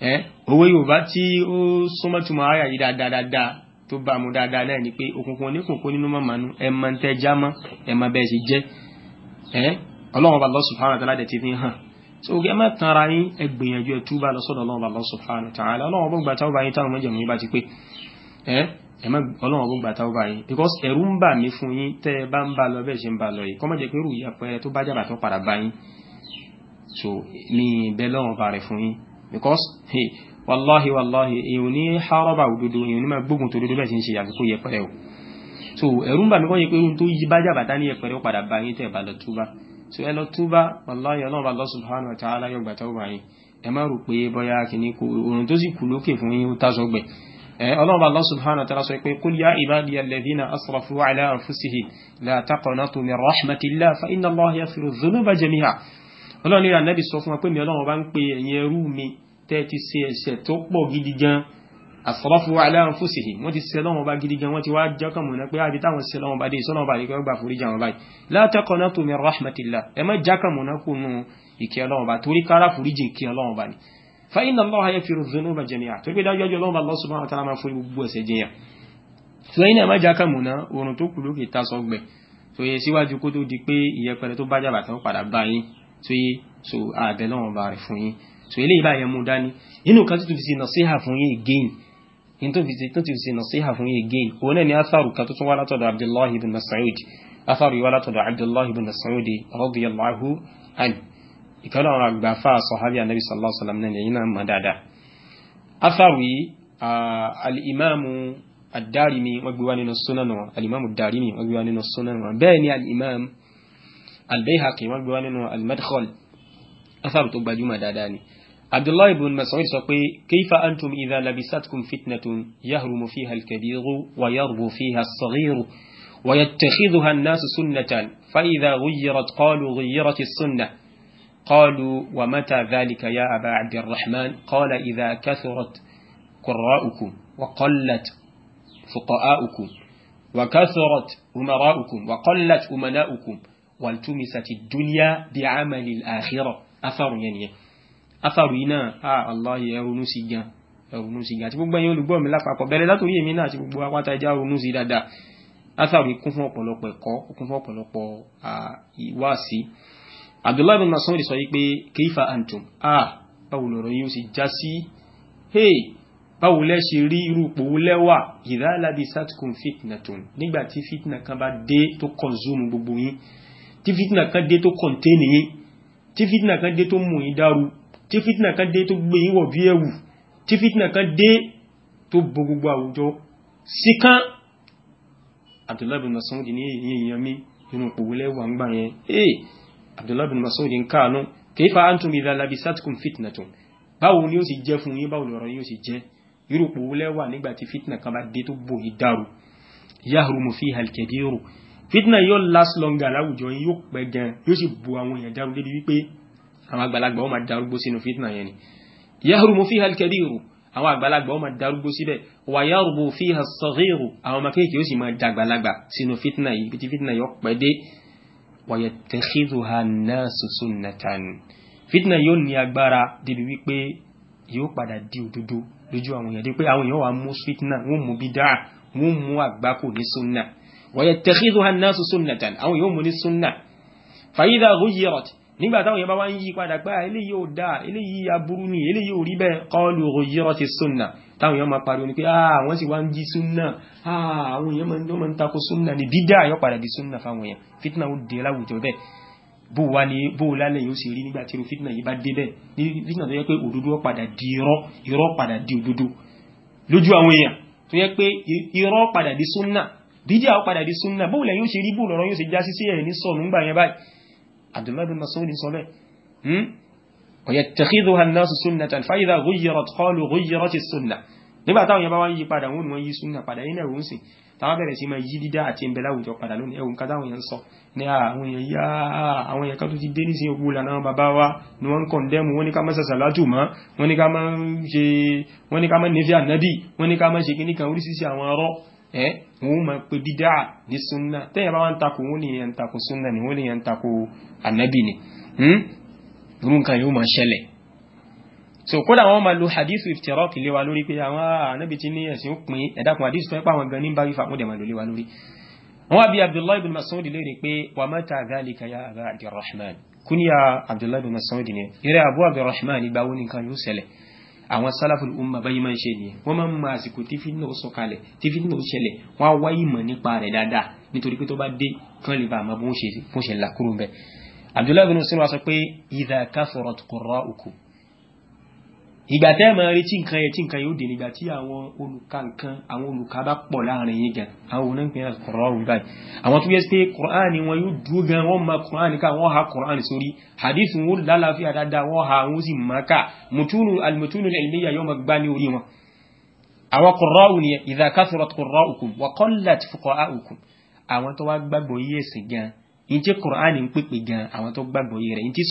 ẹ́ eh, òwe yorùbá tí ó súnmọ́ tí mo ara yìí dáadáa dáadáa tó bá mu dáadáa náà ni pé òkùnkùn oníkùnkùn nínú mọ̀mọ́nú ẹ mọ tẹ já mọ́ ẹ mọ bẹ́ẹ̀ sì jẹ́ eh, ọlọ́run bá Allah subhanahu wa ta'ala dẹ̀ ti fi hàn so ẹ má tan ara yín ẹ gbìyànjú ẹ túbà lọ sọ́dọ̀ ọlọ́run bá Allah subhanahu wa ta'ala ọlọ́run bó gbà táwọn bá yín táwọn mọ́jẹ̀mú yín bá ti pé eh, ọlọ́run bó gbà táwọn bá yín because ẹ̀rú ń bà mí fún yín tẹ́ ẹ bá ń bá lọ bẹ́ẹ̀ ṣe ń bá lọ yìí kọ́ má jẹ́ pé irú ìyàpẹ́ tó bá jàbà tó padà bá yín so ní bẹ́ẹ̀ lọ́run bá rẹ̀ fún yín because hey wàláhi wàláhi èèyàn ní hárọ́bà òdodo èèyàn ní máa gbógun tó dodo bẹ́ẹ̀ sì ń ṣe àti kó yẹpẹrẹ o so ẹ̀rú ń bà mí kọ́ yẹ pé ohun tó yí bájà bàtà ní yẹpẹrẹ ó padà bá yín tẹ̀ bá lọ túbá so ẹ lọ túbá wàláhi ọlọ́run Allah subhanahu wa ta'ala yọgbà tó wà yín ẹ má rò pé bọ́yá kìíní kò òrùn tó sì kù lókè fún yín ó tásọ gbẹ ọlọ́run Allah subhanahu wa ta'ala sọ pé qul ya ibadiya alladhina asrafu ala anfusihim la taqnatu min rahmatillah fa inna Allaha yaghfiru dhunuba jami'a ọlọ́run nílà nẹ́bí sọ fún wa pé mi ọlọ́run bá ń pe ẹ̀yin ẹrú mi tẹ́ ti ṣe ẹ̀ṣẹ̀ tó pọ̀ gidi gan àfọlọ́fù ala anfusihim wọ́n ti ṣe lọ́wọ́n bá gidi gan wọ́n ti wá jọ́kàn mọ̀nà pé àbí táwọn ṣe lọ́wọ́n bá dé sọ́nà bá rí kọ́ gbà forí jàwọn báyìí la taqnatu min rahmatillah ẹ má jákàn mọ̀nà kù nù ìkẹ́ ọlọ́wọ́n bá torí kára forí jìn kí ọlọ́wọ́n bá ní. fa inna Allaha yaghfiru dhunuba jami'a torí pé dájọ́ tó yé so àbẹ̀ lọ́wọ́ bá rẹ̀ fún yín so eléyìí báyẹn mú dání inú kan tó tún fi ṣe nàṣíhà fún yín again in tó fi ṣe tó tún fi ṣe nàṣíhà fún yín again òun náà ni asaru kan tó tún wá látọ̀dọ̀ Abdullahi ibn Mas'ud asaru yìí wá látọ̀dọ̀ Abdullahi ibn Mas'ud radiyallahu anhu ìkànnì àwọn àgbàfà sọ̀hábì anabi sallallahu alayhi wa sallam náà yẹn mọ̀ dáadáa asaru yìí al-imamu wọ́n gbé wá nínú sunan wọn al darimi wọ́n gbé wá nínú sunan wọn bẹ́ẹ̀ ni al البيهقي مبيوان المدخل أثر طب جمع داداني عبد الله بن مسعود سقي كيف أنتم إذا لبستكم فتنة يهرم فيها الكبير ويربو فيها الصغير ويتخذها الناس سنة فإذا غيرت قالوا غيرت السنة قالوا ومتى ذلك يا أبا عبد الرحمن قال إذا كثرت قراءكم وقلت فقاءكم وكثرت أمراءكم وقلت أمناؤكم والتمست الدنيا بعمل الآخرة أثر يعني أثر هنا آه الله يرونو سيجان ẹ̀rùnú sí ìgbà tí gbogbo ẹ̀yin olùgbọ́ mi lápapọ̀ bẹ̀rẹ̀ látòrí èmi náà àti gbogbo apáta ẹja ronú sí dáadáa látàrí kún fún ọ̀pọ̀lọpọ̀ ẹ̀kọ́ kún fún ọ̀pọ̀lọpọ̀ ìwáàsí Abdullahi bin Mas'ud sọ wípé keifa antum a báwo lọ̀rọ̀ yóò sì já sí hey báwo lẹ́ ṣe rí irú ipò lẹ́wà ìdá alábi satcom fitna tún nígbà tí fitna kan bá dé tó consume gbogbo yín tí fitna kan dé tó kọ̀ntẹ́nì yín tí fitna kan dé tó mú yín dáru tí fitna kan dé tó gbé yín wọ̀ bí ẹ̀wù tí fitna kan dé tó bo gbogbo àwùjọ síkán Abdullahi bin Mas'ud ní èyí èèyàn mi nínú pòwúlẹ̀ wà ń gbà yẹn ee eh, Abdullahi bin Mas'ud fitna yóò last longer láwùjọ yìí yóò pẹ́ gan yóò sì bu àwọn èèyàn dárú débi wípé àwọn àgbàlagbà ó máa darúgbó sínú fitna yẹn ni yahrumu fiha al-kabiru àwọn àgbàlagbà ó máa darúgbó síbẹ̀ wà yarbu fiha as-saghiru àwọn ọmọ kéèké ó sì máa dàgbàlagbà sínú fitna yìí bí ti fitna yóò pẹ́ dé wa yattakhidhuha an-nasu sunnatan fitna yóò ní agbára débi wípé yóò padà di òdodo lójú àwọn èèyàn débi pé àwọn èèyàn wà mú fitna wọ́n mú bídà wọ́n mú àgbákò ní sunna ويتخذها الناس سنة أو يوم السنة فإذا غيرت nígbà táwọn yẹn bá wá ń yí padà pé eléyìí ò dáa eléyìí aburú ni eléyìí ò rí bẹ́ẹ̀ qalu ghayyirati sunna táwọn yẹn máa pariwo ni pé àwọn sì wá ń jí sunna àwọn yẹn máa ń tako sunna ni bídà yọ padà di sunna fáwọn yẹn fitna ó dé láwùjọ bẹ́ẹ̀ bó wá ní bó lálẹ́ yóò sì rí nígbà tí irú fitna yìí bá dé bẹ́ẹ̀ ní fitna tó yẹ pé òdodo padà di irọ́ irọ́ padà di òdodo lójú àwọn èèyàn tó yẹ pé irọ́ padà di sunna bídí àwọn padà di súnnà bóòlù yóò ṣe rí bóòlù ọ̀rọ̀ yóò ṣe já sí sí ẹ̀ ní sọ̀nù ń gbà yẹn báyìí Abdullah bin sọ الناس سنة فإذا غيرت قالوا غيرت السنة nígbà táwọn yẹn bá wá yí padà wọn wọn yí súnà padà yín náà wọn sì táwọn bẹ̀rẹ̀ sí máa yí dídá àti ẹ̀ńbẹ̀ láwùjọ padà lónìí ẹ̀wọ̀n ká táwọn yẹn sọ ní àwọn yẹn yá àwọn yẹn ká tó ti dé ní sí ogun ẹ́ eh? wọ́n máa pe dídá ní súnà tẹ́yìn bá wà ń takò wọ́n nìyẹn ń takò súnà ni wọ́n nìyẹn ń takò ànábì ni hmm? irú nǹkan yóò máa ṣẹlẹ̀ so kódà wọ́n máa lo hadith iftiraq lé wa lórí pé àwọn ànábì ti ní ẹ̀sìn ó pin ẹ̀dàkùn hadith tó ń pa àwọn gan ní bá wífà wọ́n dẹ̀ máa lò lé wa lórí wọ́n wá bí abdullahi bin masoud léèrè pé wà mata dhalika ya aba abdulrahman kúníyà abdullahi bin masoud ni eré abu abdulrahman ìgbà wo nìkan yóò ṣẹlẹ̀ àwọn sálàfù umma báyìí máa ń ṣe nìyẹn wọ́n máa ń mọ àsìkò tí fitna ó sọ̀kalẹ̀ tí fitna ó ṣẹlẹ̀ wọ́n á wá ìmọ̀ nípa rẹ̀ dáadáa nítorí pé tó bá dé kán lè bá àmọ́ bó ń ṣe là kúrò bẹ́ẹ̀ Abdullahi bin Sina wa sọ pé idha kathurat qurra'ukum ìgbà tẹ́ mọ̀ retí nǹkan yẹn tí nǹkan yóò dé nígbà tí àwọn olùka nǹkan àwọn olùka bá pọ̀ láàrin yín gan àwọn onípìnlẹ̀ kọ̀ọ̀rọ̀ rú báyìí àwọn tó yẹ pé kùránì wọn yóò dúró gan wọn máa kùránì ká wọn ha kùránì sórí hadith wọn lálàáfíà dáadáa wọn ha wọn sì máa ká mùtúnù àlùmùtúnù ilmiya yóò máa gbá ní orí wọn. àwọn kọ̀ọ̀rọ̀ rú nìyẹn idha kathurat qurra'ukum wa qallat fuqaha'ukum àwọn tó wá gbàgbọ́ yí ẹ̀sìn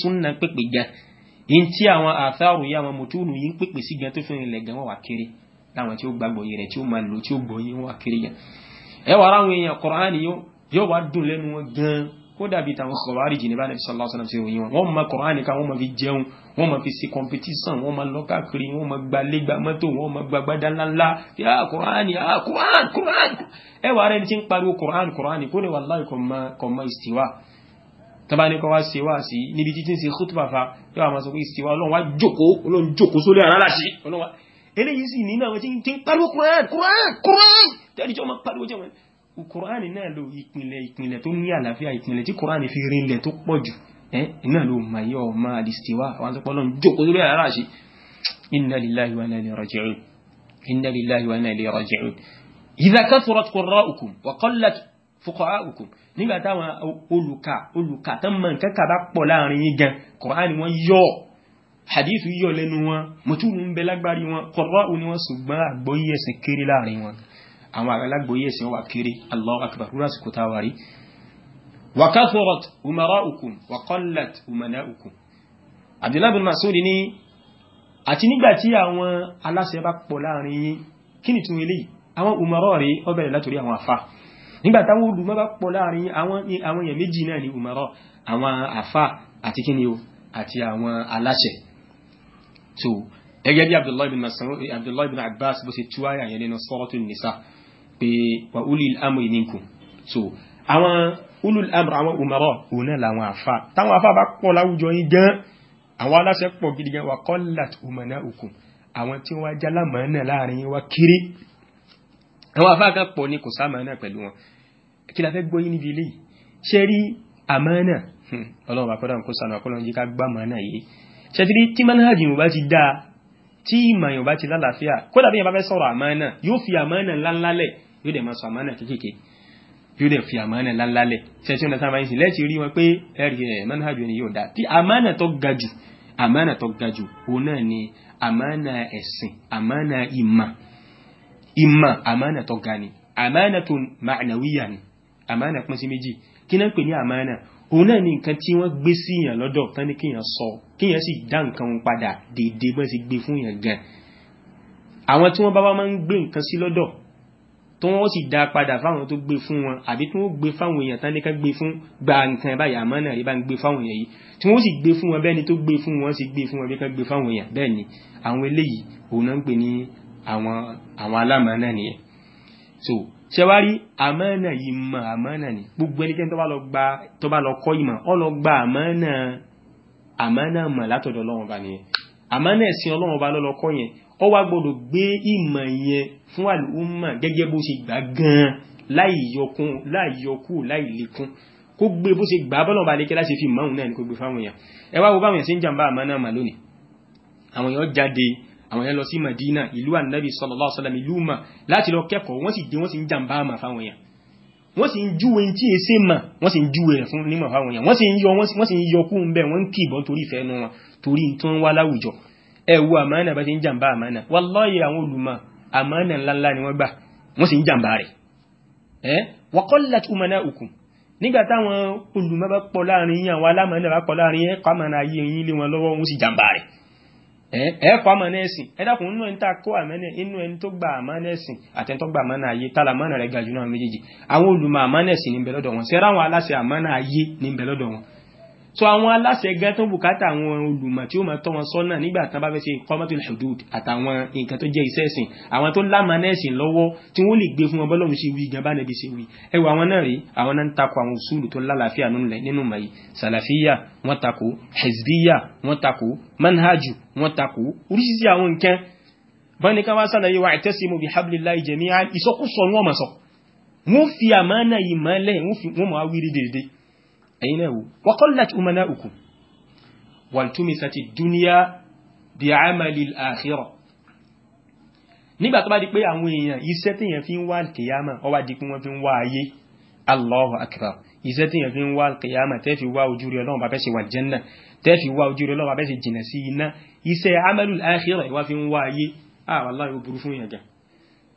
gan in tí àwọn àtàrù yìí àwọn mùtúùnù yìí ń pèpè sí gan tó fi rìnlẹ̀ gan wọ́n wà kéré láwọn tí ó gbàgbọ́ yìí rẹ̀ tí ó máa lò tí ó gbọ́ yìí wọ́n wà kéré gan ẹ wà ráwọn èèyàn kọ̀ránì yóò wá dùn lẹ́nu wọn gan kó dàbí tàwọn kọ̀wárì jìnnì bá nàìjíríà sallallahu alaihi wasallam ṣe ròyìn wọn wọ́n máa kọ̀ránì ká wọ́n máa fi jẹun wọ́n máa fi ṣe competition wọ́n máa lọ káàkiri wọ́n máa gba lẹ́gbàá mọ́tò wọ́n máa gba gbádá ńláńlá kí á ah, kọ̀ránì á ah, kọ̀ránì kọ̀ránì ẹ wà rẹ̀ ní ti ń pariwo kọ̀ránì kọ̀ránì kó ní wàláì kọ̀ máa ìsìtíwá tọba ní kọ́ wá ṣe wá sí níbi títí ń ṣe khutba fa yóò àmà sọ pé ìṣe wa ọlọ́run wá jòkó ọlọ́run jòkó sólé aláṣí ọlọ́run wá eléyìí sì nínú àwọn tí ń pariwo Qur'an Qur'an Qur'an tẹ́lẹ̀ jọ́ máa pariwo jẹ́ wọn Qur'an náà lo ìpìlẹ̀ ìpìlẹ̀ tó ní àlàáfíà ìpìlẹ̀ tí Qur'an fi rinlẹ̀ tó pọ̀ jù náà ló mà yọ ọmọ àdìsíwá fuqa'ukum nígbà táwọn olùkà olùkà tán mọ̀ nǹkan kà bá pọ̀ láàrin yín gan Kùránì wọ́n yọ hadith yọ lẹ́nu wọn mọ̀túrù ń bẹ lágbárí wọn kọ̀rọ̀ ni wọ́n ṣùgbọ́n àgbọ́yé ẹ̀sìn kéré láàrin wọn àwọn alágbọ́yé ẹ̀sìn wà kéré Allahu akbar rúra sì kò tá wà rí wa kathurat ni àti nígbà tí àwọn aláṣẹ bá pọ̀ láàrin yín kí ni umara rèé ó bẹ̀rẹ̀ látòrí àwọn nígbà táwọn olùmọ̀ bá pọ̀ láàrin àwọn èèyàn méjì náà ni umara àwọn àfà àti kíni o àti àwọn aláṣẹ so gẹ́gẹ́ bí abdullahi bin mas'ud abdullahi bin abbas bó ṣe túwá yà yẹn nínú suratu nisa pé wà ulil amri minkum so àwọn ulul amri àwọn umara òun náà làwọn àfà táwọn àfà bá pọ̀ láwùjọ yín gan àwọn aláṣẹ pọ̀ gidi gan wà qallat umana'ukum àwọn tí wọ́n wá jálámọ̀ náà láàrin wá kiri kan pọ̀ ní kò sáàmà náà pẹ̀lú wọn kí la fẹ́ gbọ́ yín níbi eléyìí ṣe rí àmánà hmm. ọlọ́run bá kọ́dà ń kó sànù àkọ́lọ́run yìí ká gbá àmánà yìí ṣe ti rí tí manhajì yóò bá ti dáa tí ìmọ̀ yóò bá ti lálàáfíà kódà bí yẹn bá fẹ́ sọ̀rọ̀ àmánà yóò fi àmánà ńláńlá lẹ̀ yóò dẹ̀ máa sọ àmánà kékèké yóò dẹ̀ fi àmánà ńláńlá lẹ̀ ni amana ẹ̀sìn amana ima, ima amana tó ga ni àmánà tó àmánà pín sí méjì kí náà pè ní àmánà òun náà ni nǹkan tí wọ́n gbé sí yàn lọ́dọ̀ tán ní kíyàn sọ kíyàn sì dá nǹkan wọn padà déédéé bọ́n sì gbé fún yàn gan àwọn tí wọ́n bá wá máa ń gbé nǹkan sí lọ́dọ̀ tó wọ́n sì dá padà fáwọn tó gbé fún wọn àbí tí wọ́n gbé fáwọn èèyàn tán ní ká gbé fún gba nǹkan báyìí àmánà rí bá ń gbé fáwọn èèyàn yìí tí wọ́n sì gbé fún wọn bẹ́ẹ̀ ni tó gbé fún wọn sì gbé fún wọn bí ká gbé fáwọn èèyàn bẹ́ẹ̀ ni àwọn eléyìí òun náà ń pè ní àwọn àwọn alámánà nìyẹn so ṣẹwárí àmánà ìmọ̀ àmánà ni gbogbo ẹnikẹ́ni tó bá lọ kọ́ ìmọ̀ ó lọ gba àmánà àmánà mọ̀ látọ̀dọ̀ ọlọ́run ọba nìyẹn àmánà ẹ̀sìn ọlọ́run ọba lọ́lọ́ kọ́ yẹn ó wá gbọ́dọ̀ gbé ìmọ̀ yẹn fún àlùmọ̀ gẹ́gẹ́ bó ṣe gbà gan-an láì yọkún láì yọkú láì lékún kó gbé bó ṣe gbà bọ́lọ̀ ọba lékẹ́ láti fi àwọn yẹn lọ sí Madina ìlú anabi sallallahu alaihi wasallam ìlú mà láti lọ kẹ́kọ̀ọ́ wọ́n sì dé wọ́n sì ń jàǹbá àmà fáwọn èèyàn wọ́n sì ń júwe tí è sí mà wọ́n sì ń júwe rẹ̀ fún nímọ̀ fáwọn èèyàn wọ́n sì ń yọ wọ́n sì ń yọ kú ń bẹ̀ wọ́n ń kì ìbọn torí ìfẹ́ nu wọn torí tó ń wá láwùjọ ẹ wo ni wọ́n gbà wọ́n Eh, ẹ̀ẹ́kọ́ amánẹ́sìn ẹ̀dàkùn inú ẹni tàkó àmẹ́nẹ́ inú ẹni tó gba àmánẹ́sìn àtẹ́ntọ́ gba àmánà ayé tààlà àmánà rẹ̀ gajù náà méjèèjì àwọn olùmọ̀ àmánẹ́sìn ní bẹ̀lọ́dọ̀ wọn sẹ́ráwọn aláṣẹ àmánà ayé ní bẹ̀lọ́dọ̀ wọn so àwọn aláṣẹ gan tó bùkátà àwọn olùmọ̀ tí ó máa tọ́ wọn sọ́nà nígbà tán bá fẹ́ ṣe kọ́mọ́tò hudud àtàwọn nǹkan tó jẹ́ iṣẹ́ ẹ̀sìn àwọn tó lámàánà ẹ̀sìn lọ́wọ́ tí wọ́n lè gbé fún wọn bọ́lọ́run ṣe wí gan bá nẹ́bí ṣe wí ẹwà àwọn náà rí àwọn náà ń takò àwọn òṣùlù tó lálàáfíà nínú mọ̀ yìí sàlàfíà wọ́n takò hezbiya wọ́n takò manhaju wọ́n takò oríṣiríṣi wa i'tasimu bihablillahi jami'an ẹ̀yin náà wò waqallat umana'ukum waltumisati dunya bi'amali al-akhirah nígbà tó bá di pé àwọn èèyàn iṣẹ́ tí yẹn fi ń wá kìyàmà ó wá di pé wọ́n fi ń wá ojú rẹ̀ Ọlọ́run bá jìnà sí iná iṣẹ́ amalul akhirah ìwá fi ń wá ayé ah wallahi ó yẹn gan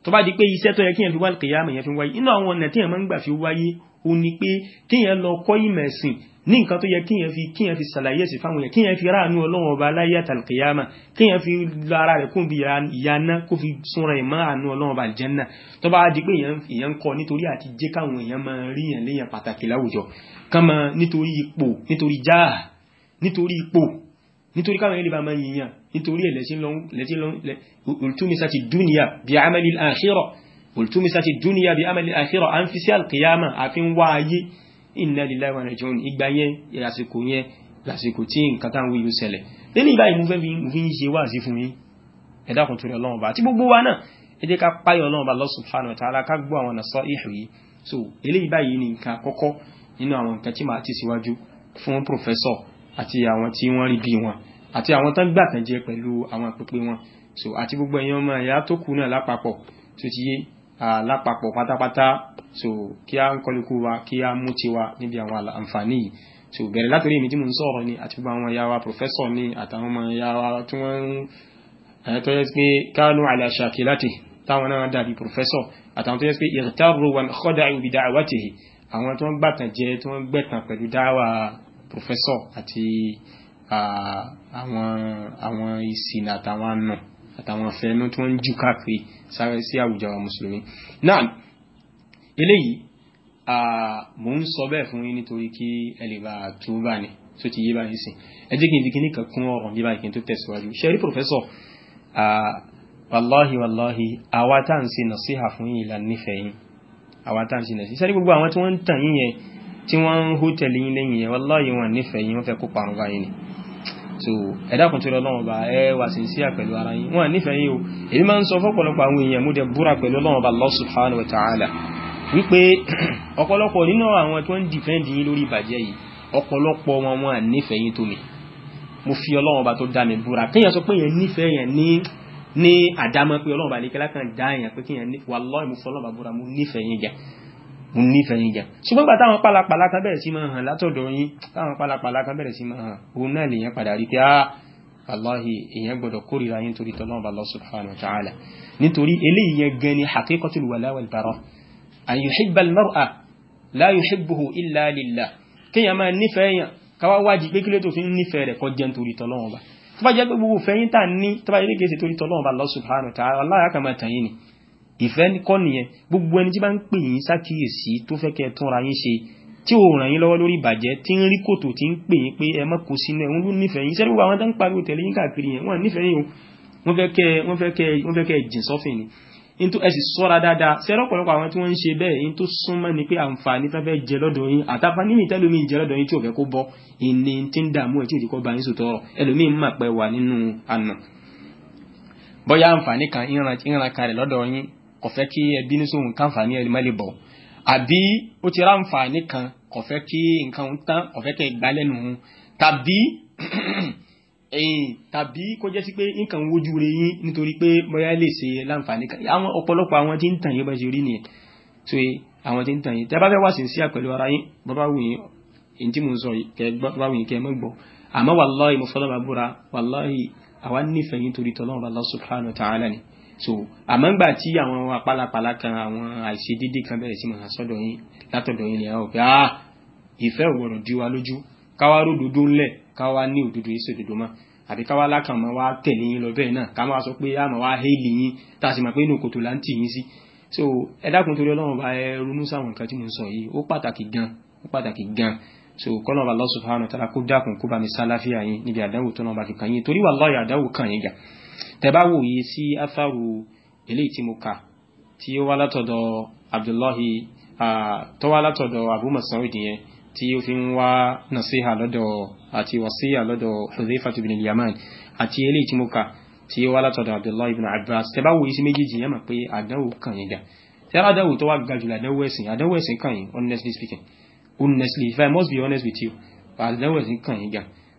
tó bá di pé iṣẹ́ tó yẹ kí yẹn fi wá kìyàmà yẹn fi wáyé inú àwọn ọ̀nà tí yẹn máa ń gbà fi wáyé ó ní pé kíyàn lọ kọ́ ìmọ̀ ẹ̀sìn ní nǹkan tó yẹ kíyàn fi kíyàn fi ṣàlàyé sí fáwọn èèyàn kíyàn fi ráàánú ọlọ́run ọba aláyé àtàlùkìyàmà kíyàn fi lọ ara rẹ̀ kún bí ìyáná kó fi súnra ẹ̀ mọ́ àánú ọlọ́run ọba àlìjẹ́nà tó bá di pé èèyàn ń kọ nítorí àti jẹ́ káwọn èèyàn máa rí yàn léyàn pàtàkì láwùjọ kán máa nítorí ipò nítorí jáà nítorí ipò nítorí káwọn èèyàn bá máa yìnyàn nítorí ẹ̀ lẹ́sìn lọ́n ultumisati dúníyà bí amẹ́lẹ̀ àṣírọ̀ à fi sí alkiyama àfi ń wá ayé inna lillahi wa inna ilaihi raji'un ìgbà yẹn lásìkò yẹn lásìkò tí nǹkan táwọn wíyó ṣẹlẹ̀ nínú ìgbà yìí mo fẹ́ fi ń ṣe wáàsí fún yín ẹ Ọlọ́run bá àti gbogbo wa náà ẹ jẹ́ ká páyọ̀ Ọlọ́run bá Allah subhanahu wa ta'ala ká gbọ́ àwọn nàṣọ ìhù yìí so eléyìí báyìí ni nǹkan àkọ́kọ́ nínú àwọn nǹkan tí màá ti síwájú fún pòfẹ́sọ̀ àti àwọn tí wọ́n rí bí wọn àti àwọn tán gbà tán jẹ pẹ̀lú àwọn so àti Ah, lápapọ̀ pátápátá so kí a ń kọlùkù wa kí a mú tiwa níbi àwọn àǹfààní yìí so bẹ̀rẹ̀ látòrí èmi tí mo ń sọ̀rọ̀ ni àti gbogbo àwọn yàrá professor ni àtàwọn ọmọ yàrá tí wọ́n ń tọ́jú pé kánú àlàṣàkì láti táwọn náà dàbí professor àtàwọn tọ́jú pé ìrìtàrò wọn kọ́dà ìbí dáwà tèhì àwọn tó ń gbàtàn jẹ tó ń gbẹ̀tàn pẹ̀lú dáwà professor àti ah, àwọn ìsìn àtàwọn àna àtàwọn ọ̀fẹ́ inú tí wọ́n ń jù káàkiri sáré sí àwùjọ àwọn mùsùlùmí náà eléyìí mò ń sọ bẹ́ẹ̀ fún yín nítorí kí ẹ lè bá túbà ni tó ti yé báyìí sìn ẹ jẹ́ kí n fi kíní kan kún ọ̀rọ̀ bí báyìí kí n tó tẹ̀síwájú ṣe rí pòfẹ́sọ̀ wàláhi wàláhi àwa tá à ń ṣe nàṣíhà fún yín ìlànà nífẹ̀ẹ́ yín àwa tá à ń ṣe nàṣíhà sẹ́ni gbogbo àwọn tí wọ́n ń tàn yín yẹn tí wọ́n ń hó yín lẹ́yìn yẹn wàláhi wọn nífẹ̀ẹ́ yín wọ́n fẹ́ kó parun báyìí ni so ẹ dákun tó lọ́wọ́ bá ẹ wà sincere pẹ̀lú ara yín wọn nífẹ̀ẹ́ yín o èyí máa ń sọ fọ́pọ̀lọpọ̀ àwọn èèyàn mú dẹ búra pẹ̀lú lọ́wọ́ bá Allah subhanahu wa ta'ala wípé ọ̀pọ̀lọpọ̀ nínú àwọn tó ń dìfẹ́ǹdì yín lórí ìbàjẹ́ yìí ọ̀pọ̀lọpọ̀ wọn wọn nífẹ̀ẹ́ yín tó mi mo fi Ọlọ́run bá tó dá mi búra kéèyàn sọ pé yẹn nífẹ̀ẹ́ yẹn ní ní àdámọ́ pé Ọlọ́run bá ní kẹ́lá kan dá yẹn pé kéèyàn ní wallahi mo fọ́ Ọlọ́run bá búra mo nífẹ̀ẹ́ yín gan mo nífẹ̀ẹ́ yín gan ṣùgbọ́n gbà táwọn pálapàla kan bẹ̀rẹ̀ sí máa hàn látọ̀dọ̀ yín táwọn pálapàla kan bẹ̀rẹ̀ sí máa hàn òun náà lèèyàn padà rí pé ah wàláhì èèyàn gbọ́dọ̀ kórìíra yín torí tọ́lọ́ ọba Allah subhanahu wa ta'ala nítorí eléyìí yẹn gan ni haqiqatul wala wal bara an yuhibba al-mar'a la yuhibbuhu illa lillah kéèyàn máa nífẹ̀ẹ́ yàn káwá wájú pé ní ìfẹ́ kọ́ nìyẹn gbogbo ẹni tí bá ń pè yín sákìyèsí tó fẹ́ kẹ́ túnra yín ṣe tí ò ràn yín lọ́wọ́ lórí ìbàjẹ́ tí ń rí kòtò tí ń pè yín pé ẹ má kó sínú ẹ̀ wọ́n ló nífẹ̀ẹ́ yín sẹ́rí gbogbo àwọn tó ń pariwo tẹ̀lé yín káàkiri yẹn wọ́n nífẹ̀ẹ́ yín o wọ́n fẹ́ kẹ́ wọ́n fẹ́ kẹ́ jìn sọ́fìn ni nítorí ẹ sì sọ́ra dáadáa sẹ́rọ̀ ọ̀pọ̀lọpọ̀ àwọn tí wọ́n ń ṣe bẹ́ẹ̀ yín tó súnmọ́ ni pé àǹfààní fẹ́ jẹ lọ́dọ̀ yín àtàfà níbi tẹ́lómi jẹ lọ́dọ̀ yín tí ò fẹ́ kó bọ́ ìní tí ń dààmú ẹ̀ tí ò ti kọ́ ba yín sòtọ́ ọ̀rọ̀ ẹlòmíín mà pẹ́ wà nínú àná bóyá àǹfààní kan ìran lọ́dọ̀ yín kò fẹ́ kí ẹbí ní sóhun káǹfààní ẹ má lè bọ̀ àbí ó ti ráǹfààní kan kò fẹ́ kí nǹkan tán kò fẹ́ kẹ́ gbá lẹ́nu hun tàbí ẹ̀yìn tàbí kó jẹ́ sí pé nǹkan wojú rẹ yín nítorí pé bóyá lè ṣe láǹfààní kan àwọn ọ̀pọ̀lọpọ̀ àwọn tí ń tàn yín bá ṣe rí nìyẹn so àwọn tí ń tàn yín tẹ́ bá fẹ́ wá sí sí àpẹ̀lú ara yín bọ́ wù yín èyí tí mò ń sọ kẹ́ gbọ́ wù yín kẹ́ mọ́ gbọ́ àmọ́ wàláhì mo fọlọ́ bàbúrà wàláhì àwa nífẹ̀ẹ́ yín torí tọ́lọ́run Allah subhanahu wa ta'ala ni so àmọ́ ngbà tí àwọn apálapàla kan àwọn àìṣedédé kan bẹ̀rẹ̀ sí mọ̀ hàn sọ́dọ̀ yín látọ̀dọ̀ yín lẹ́yìn ọ̀pẹ́ ah ìfẹ́ ò gbọ́dọ̀ di wa lójú káwa ródodo ńlẹ̀ káwa ní òdodo èso òdodo mọ́ àbí káwa lákàn mọ́ wa tẹ̀lé yín lọ bẹ́ẹ̀ náà ká sọ pé àmọ́ wa héèlì yín tá a sì mọ̀ pé inú kòtò là ń tì yín sí so ẹ dákun torí ọlọ́run bá ẹ ronú sáwọn nǹkan tí mo ń sọ yìí ó pàtàkì gan ó pàtàkì gan so kọ́nà Allah subhanahu wa ta'ala kó dákun kó bá mi sálàáfíà yín níbi àdánwò tó náà bá fi kàn yín torí wallahi àdánwò kàn yín gan tẹ́bá wòye sí atharu eléyìí tí mo kà tí ó wá látọ̀dọ̀ abdullahi tó wá látọ̀dọ̀ abu masaud yẹn tí ó fi ń wá nasiha lọ́dọ̀ àti wasiya lọ́dọ̀ hudhaifa ibn yaman àti eléyìí tí mo kà tí ó wá látọ̀dọ̀ abdullahi ibn abbas tẹ́bá wòye sí méjèèjì yẹn mọ̀ pé àdánwò kàn yín dà tẹ́rà àdánwò tó wá honestly speaking honestly i must be honest with you àdánwò ẹ̀sìn kàn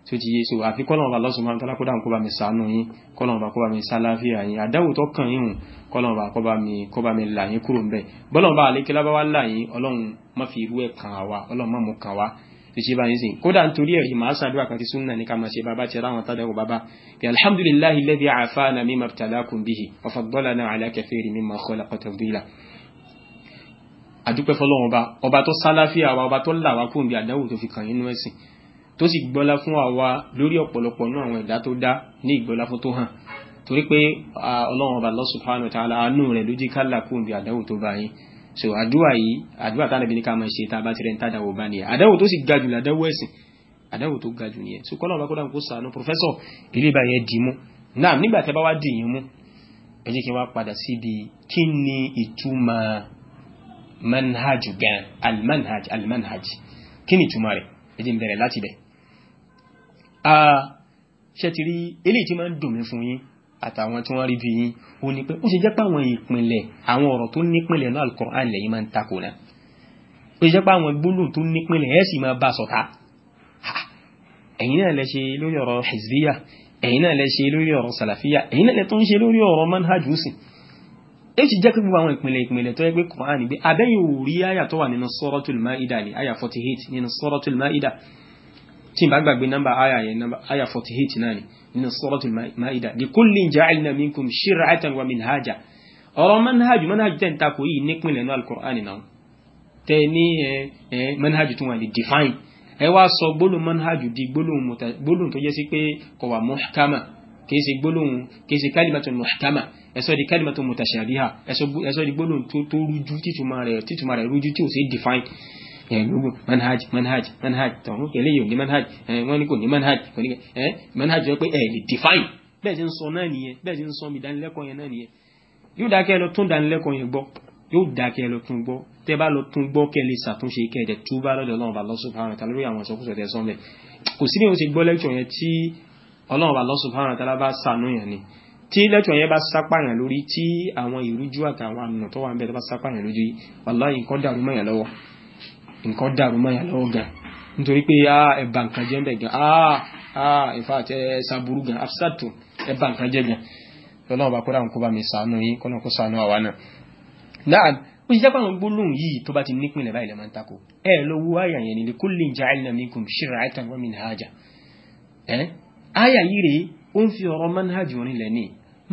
tí ó ti yé sí o àfi kọ́lọ̀n ọba lọ́sùn máa ń tálákó dáhùn kó bá mi sàánú yín kọ́lọ̀n ọba kó bá mi sálàáfíà yín àdáwò tó kàn yín hùn kọ́lọ̀n ọba kó bá mi kó bá mi là yín kúrò ńbẹ̀ bọ́lọ̀n ọba àlékè lábáwá là yín ọlọ́run má fi irú ẹ̀ kàn wá ọlọ́run má mú kàn wá tó ṣe báyìí sìn kódà nítorí ẹ̀rí màá sàdúrà kan ti súnà ní ká máa ṣe bàbá ti ráwọn tádàwọ̀ bàbá bí alhamdulillahi alladhi afana mimma ibtalakum bihi wa faddalana ala kathirin mimma khalaqa tafdila àdúpẹ́ fọlọ́run ọba ọba tó sálàáfíà wa ọba tó là wá kúrò bí àdáwò tó fi kàn yín nú ẹ̀sìn tó sì gbọ́lá fún àwa lórí ọ̀pọ̀lọpọ̀ náà àwọn ẹ̀dá tó dá ní ìgbọ́lá fún tó hàn torí pé ọlọ́run ọba Allah subhanahu wa àánú rẹ̀ ló kálà kó bí àdáwò tó bá yín so àdúrà yìí àdúrà tá àdàbí ní ká máa ṣe tá a bá ti rẹ̀ ń tàdáwò bá nìyẹn àdáwò tó sì ga jù ládáwò ẹ̀sìn àdáwò tó ga jù nìyẹn so kọ́lọ́ ọba kódà kó sànú pòfẹ́sọ̀ ilé ìbá yẹn dì mú náà nígbà tẹ́ bá wá dì yín mú ẹ jẹ́ kí wá padà síbi kí ni ìtumọ̀ manhaj gan almanhaj almanhaj kí ni ìtumọ̀ rẹ̀ ẹ jẹ́ ń bẹ̀rẹ̀ láti bẹ̀rẹ̀ ṣe ti rí eléyìí tí máa ń dùn mí fún yín àtàwọn tí wọ́n rí bí yín ó ní pé ó ṣe jẹ́ pé àwọn ìpìnlẹ̀ àwọn ọ̀rọ̀ tó nípìnlẹ̀ náà Al-Qur'an lẹ́yìn máa ń takò náà ó ṣe jẹ́ àwọn gbólóhùn tó nípìnlẹ̀ ẹ̀ sì máa bá sọ̀tà ẹ̀yin náà lẹ ṣe lórí ọ̀rọ̀ hizbiya ẹ̀yin náà lẹ tó ń ṣe lórí ọ̀rọ̀ manhaju ó ṣe jẹ́ gbogbo àwọn ìpìnlẹ̀ ìpìnlẹ̀ tó yẹ pé Qur'an gbé abẹ́yìn òrí àyà tó wà nínú Suratul Ma'idah àyà 48 nínú Suratul tí n bá gbàgbé nọ́mbà àyà yẹn nọ́mbà àyà forty eight náà ni nínú suratul maida di kullin ja'alna minkum shir'atan wa minhaja ọ̀rọ̀ manhaju manhaju tẹ̀ ń takò yìí nípìnlẹ̀ náà alukur'ani náà tẹ ní ẹ manhaju tí wọ́n lè define ẹ wá sọ gbólóhùn manhaju di gbólóhùn tó jẹ́ sí pé kò wà muhkama kìí ṣe gbólóhùn kìí ṣe kálímàtò muhkama ẹ sọ di kálímàtò mutashabiha ẹ sọ di gbólóhùn tó rújú títúmọ̀ define gbogbo eh, manhaj manhaj manhaj tọ̀hún eléyìí ò ní manhaj eh, wọ́n ní kò ní manhaj kò ní eh, manhaj jẹ́ pé ẹ̀ lè define bẹ́ẹ̀ ti ń sọ náà nìyẹn bẹ́ẹ̀ ti ń sọ mi ìdánilẹ́kọ̀ọ́ yẹn náà nìyẹn yóò dákẹ́ lọ tún ìdánilẹ́kọ̀ọ́ yẹn gbọ́ yóò dákẹ́ lọ tún gbọ́ tẹ́ bá lọ tún gbọ́ kẹ́ lè ṣàtúnṣe kẹ́ ẹ̀dẹ̀ tú bá lọ́dọ̀ ọlọ́run bá lọ́sùn fáwọn ẹ̀ta lórí àwọn ìṣọ́kùsọ̀ tẹ́ sọ́mẹ̀ kò sí bí wọ́n ti gbọ́ lẹ́kṣọ̀ yẹn tí ọlọ́run bá lọ́sùn fáwọn ẹ̀ta bá sànú yẹn ni tí lórí tí àwọn ìrújú àtàwọn àmì wà ń bẹ tó bá sápàyàn lójú yìí wàláhì nǹkan dàrú mọ́yàn lọ́wọ́ nǹkan dàrú mọ́ yà lọ́wọ́ gan nítorí pé a ẹ̀bà nǹkan jẹ́ bẹ̀ gan a in fact ẹ ṣàbúrú gan absatto ẹ̀bà nǹkan jẹ́ gan lọ́lọ́wọ́ bá kódà kó bá mi sànú yín kọ́nà kó sànú àwa náà náà ó ṣe jápá àwọn gbólóhùn yìí tó bá ti nípìnlẹ̀ báyìí lẹ́mọ̀ ń tako ẹ lọ wo àyà yẹn nílé kullin ja'alna minkum shir'atan wa minhaja ẹ àyà yìí rèé ó ń fi ọ̀rọ̀ manhaj orin lẹ̀ ní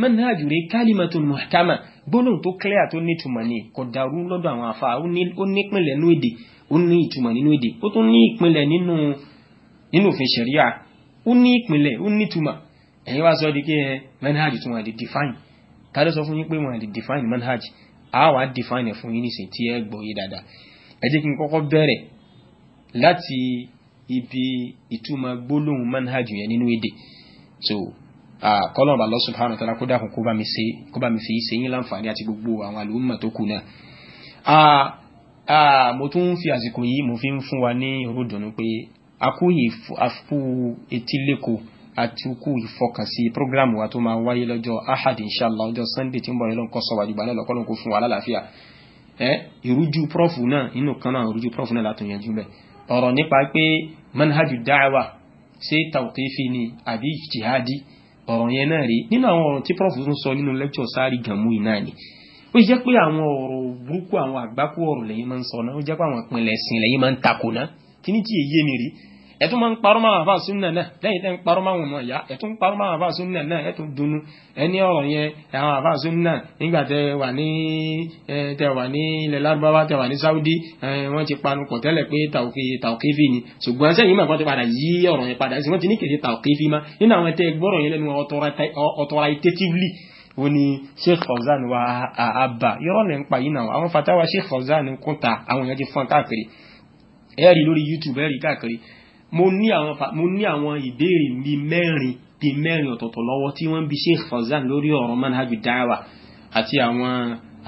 manhaj rèé kalimatun muhkama gbólóhùn tó clear tó nítumọ̀ ni kò dàrú lọ́dọ̀ àwọn àfa ó nípìnlẹ̀ nú èdè ó ní ìtumọ̀ nínú èdè ó tún ní ìpínlẹ̀ nínú nínú òfin ṣẹ̀ríà ó ní ìpínlẹ̀ ó ní ìtumọ̀ ẹ̀yin wá sọ di pé ẹ eh, manhaj tún wà lè define ta ló sọ fún yín pé wọn lè define manhaj a wà define fún yín nísìnyí tí ẹ gbọ́ yé dáadáa ẹ jẹ́ kí n kọ́kọ́ bẹ̀rẹ̀ láti ibi ìtumọ̀ gbólóhùn manhaj yẹn nínú èdè so kọ́lọ́n bá Allah subhanahu wa ta'ala kó dákun kó bá mi fi yín ṣe yín láǹfààní àti gbogbo àwọn àlùmọ̀ tó kù náà mo tún fi àsìkò yìí mo fi ń fún wa ní òródùnú pé akúyè àfú etíléko àti kú ìfọkànsí prógrámù wa tó máa wáyé lọ́jọ́ ahad inshallah ọjọ́ sunday tí ń bọ̀ lọ́nkọ́ sọ wàjú balẹ̀ lọ́kọ́lọ́n kó fún wa lálàáfíà ẹ ìrújú prọ́fù náà inú kan náà ìrújú prọ́fù náà látún yanjú bẹ́ẹ̀ ọ̀rọ̀ nípa pé manhaju da'wa ṣé tawqifi ni àbí ijtihadi ọ̀rọ̀ yẹn náà rí nínú àwọn ọ̀rọ̀ tí prọ́fù tún sọ nínú lẹ́kṣọ̀ sáárì gàmú náà ni ó jẹ́ pé àwọn ọ̀rọ̀ burúkú àwọn àgbákò ọ̀rọ̀ lẹ́yìn máa ń sọ náà ó jẹ́ pé àwọn ìpínlẹ̀ ẹ̀sìn lẹ́yìn máa ń takò náà kí ni tí èyí mi rí ẹ̀tún máa ń parọ́ máa àfa súnà náà lẹ́yìn tẹ́ ń parọ́ máa wọn ya ẹ̀tún parọ́ máa àfa súnà náà ẹ̀tún dunu ẹni ọ̀rọ̀ yẹn àwọn àfa súnà nígbà tẹ wà ní tẹ wà ní ilẹ̀ lárúbáwá tẹ wà ní Saudi wọ́n ti panu kọ̀ tẹ́lẹ̀ pé tàwọ́kẹ́fì ni ṣùgbọ́n sẹ́yìn màgbọ́n ti padà yí ọ̀rọ̀ yẹn padà sí wọ́n ti ní kèdè tàwọ́kẹ́fì má nínú àwọn tẹ gbọ́rọ̀ wọ́n ní sheikh fauzan wa àbá yọ̀rọ̀ lẹ́ ń pa yìí náà àwọn fatawa sheikh fauzan kún ta àwọn èèyàn ti fọ́n káàkiri ẹ̀rí lórí youtube ẹ̀rí káàkiri mo ní àwọn ìbéèrè mi mẹ́rin bí mẹ́rin ọ̀tọ̀ọ̀tọ̀ lọ́wọ́ tí wọ́n ń bi sheikh fauzan lórí ọ̀rọ̀ manhaju dawa àti àwọn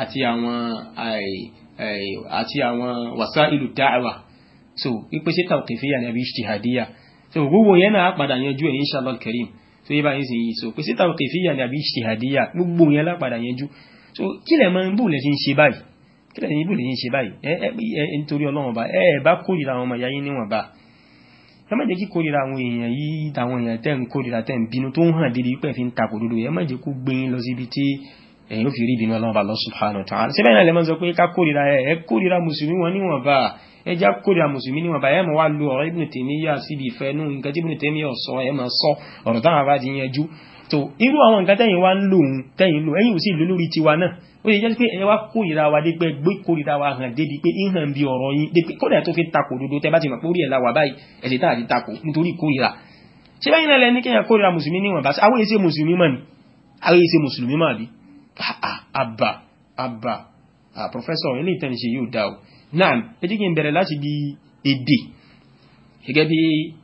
àti àwọn àti àwọn wasailu dawa so wípé ṣé tawqifiyya ni àbí ijtihadiyya so gbogbo yẹn náà á padà yanjú ẹ̀ inshallah karim so yíba yín sì yìí so kò sí tawqifiyya ni àbí ijtihadiyya gbogbo yẹn lápadà yẹn jú so kí lẹ̀ máa ń bù lẹ́ ti ń ṣe báyìí kí lẹ̀ ń bù lẹ́ ti ń ṣe báyìí ẹ ẹ nítorí ọlọ́run ọba ẹ ẹ bá kórìíra àwọn ọmọ ìyá yín níwọ̀n bá ẹ má jẹ́ kí kórìíra àwọn èèyàn yìí táwọn èèyàn tẹ́ ń kórìíra tẹ́ ń bínú tó ń hàn dédé pẹ́ fi ń takò dodo ẹ má jẹ́ kó gbé yín lọ síbi tí ẹ̀yin ó fi rí ìbínú ọlọ́run ọba lọ ẹjá kórè àmùsùlùmí níwọ̀n bá ẹmọ wá lu ọ̀rọ̀ Ibn Taymiyyah síbi ìfẹ́ nù nǹkan tí Ibn Taymiyyah sọ ẹmọ sọ ọ̀rọ̀ táwọn bá ti yanjú tó irú àwọn nǹkan tẹ́yìn wá ń lò ń tẹ́yìn lò ẹ̀yìn ò sì lò lórí tiwa náà ó yẹ jẹ́ pé ẹ wá kórìíra wa dé pé gbé kórìíra wa hàn débi pé ń hàn bí ọ̀rọ̀ yín dé pé kódà tó fi takò dodo tẹ́ bá ti mọ̀ pé orí ẹ̀ la wà báyìí ẹ̀ sì tá takò nítorí kórìíra ṣé báyìí náà lẹni kéèyàn kórìíra mùsùlùmí níwọ̀n bá àwọn èsè mùsùlùmí mọ̀ ni àwọn èsè mùsùlùmí mọ̀ bí àbà àbà àbà pòfẹ́sọ̀ ilé ìtẹ̀nìṣe yóò dá o naam ẹ jẹ́ kí n bẹ̀rẹ̀ láti bí èdè gẹ́gẹ́ bí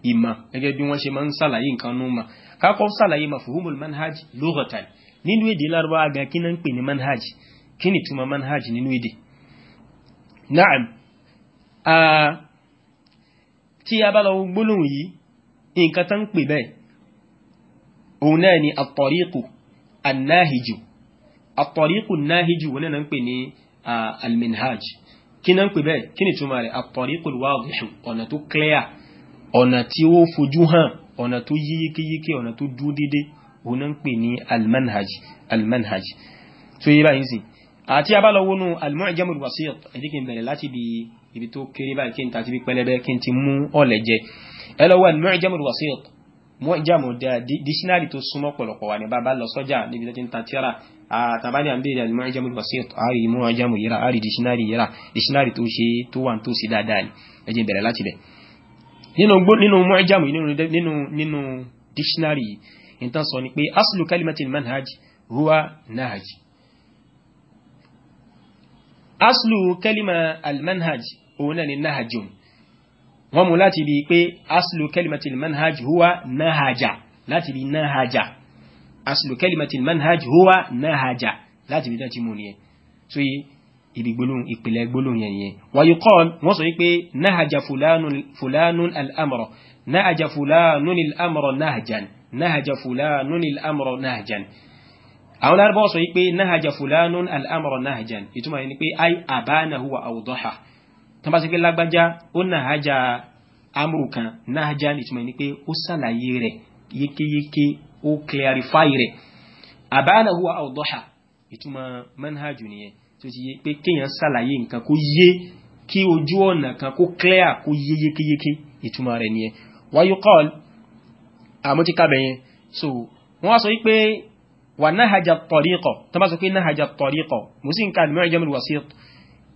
ìmọ̀ gẹ́gẹ́ bí wọ́n ṣe máa ń ṣàlàyé nǹkan nù mà kákọ́ ṣàlàyé mafhumul manhaj lughatan nínú èdè lárúbáwá gan kí náà ń pè ní manhaj kí ni túmọ̀ manhaj nínú èdè naam tí a bá lọ gbólóhùn yìí nǹkan tán ń pè bẹ́ẹ̀ òun náà ni at-tariqu an-nahiju wọn náà ń pè ní al kí náà ń pè bẹ́ẹ̀ kí ni túmọ̀ rẹ̀ at-tariqul wadih ọ̀nà tó clear ọ̀nà tí ó fojú hàn ọ̀nà tó yí yíkéyíké ọ̀nà tó dúró dédé òun náà ń pè ní al-manhaj al-manhaj tó yé báyìí sìn àti abálọ́wọ́nù al-mu'jamul wasit kí n bẹ̀rẹ̀ láti bí ibi tó kéré báyìí kí n tàbí pẹlẹbẹ kí n ti mú ọ̀lẹ̀ jẹ ẹ lọ́wọ́ mọ́jàmù díṣínárì tó súnmọ́ pọ̀lọpọ̀ wà ní bàbá lọ sọ́jà níbi tó ti ń ta tíra àtàbálẹ̀ àbẹ̀rẹ̀ àlùmọ́jàmù basit àrí mọ́jàmù yíra àrí díṣínárì yíra díṣínárì tó ṣe tó wà tó ṣe dáadáa ni ẹ jẹ́ bẹ̀rẹ̀ láti bẹ̀. nínú mọ́jàmù nínú díṣínárì yìí ìtàn sọ ni pé aslu kalimatil manhaj wọ́n mú láti bí pé aslu kalimatil manhaj huwa nahaja láti bí nahaja aslu kalimatil manhaj huwa nahaja láti bí dájí mú ní ẹ so yí ibi gbólóhùn ìpìlẹ̀ gbólóhùn yẹn yẹn wàyí kọ́ wọ́n sọ wípé nahaja fulanun al'amọ̀rọ̀ nahaja fulanun al'amọ̀rọ̀ nahajan nahaja fulanun al'amọ̀rọ̀ àwọn lárúbọ̀ sọ wípé nahaja fulanun al'amọ̀rọ̀ nahajan ìtumọ̀ tán bá sọ pé lágbájá ó nàájà amúrù kan nàájà ìtumọ̀ ni pé ó ṣàlàyé rẹ̀ yékéyéké ó clarify rẹ̀ àbáyánà huwa àwòdọ́hà ìtumọ̀ manhajù nìyẹn tó ti yé pé kéèyàn ṣàlàyé nǹkan kó yé kí ojú ọ̀nà kan kó clear kó yé yékéyéké ìtumọ̀ rẹ̀ nìyẹn wáyú kọ́ọ̀lù àmútíkàbẹ̀ yẹn so wọ́n sọ wípé wà náhàjà tọ̀ríkọ̀ tó bá sọ pé náhàjà tọ̀ríkọ̀ mùsí nǹkan àdìmọ́ ìjọmọ̀ wàsíìtì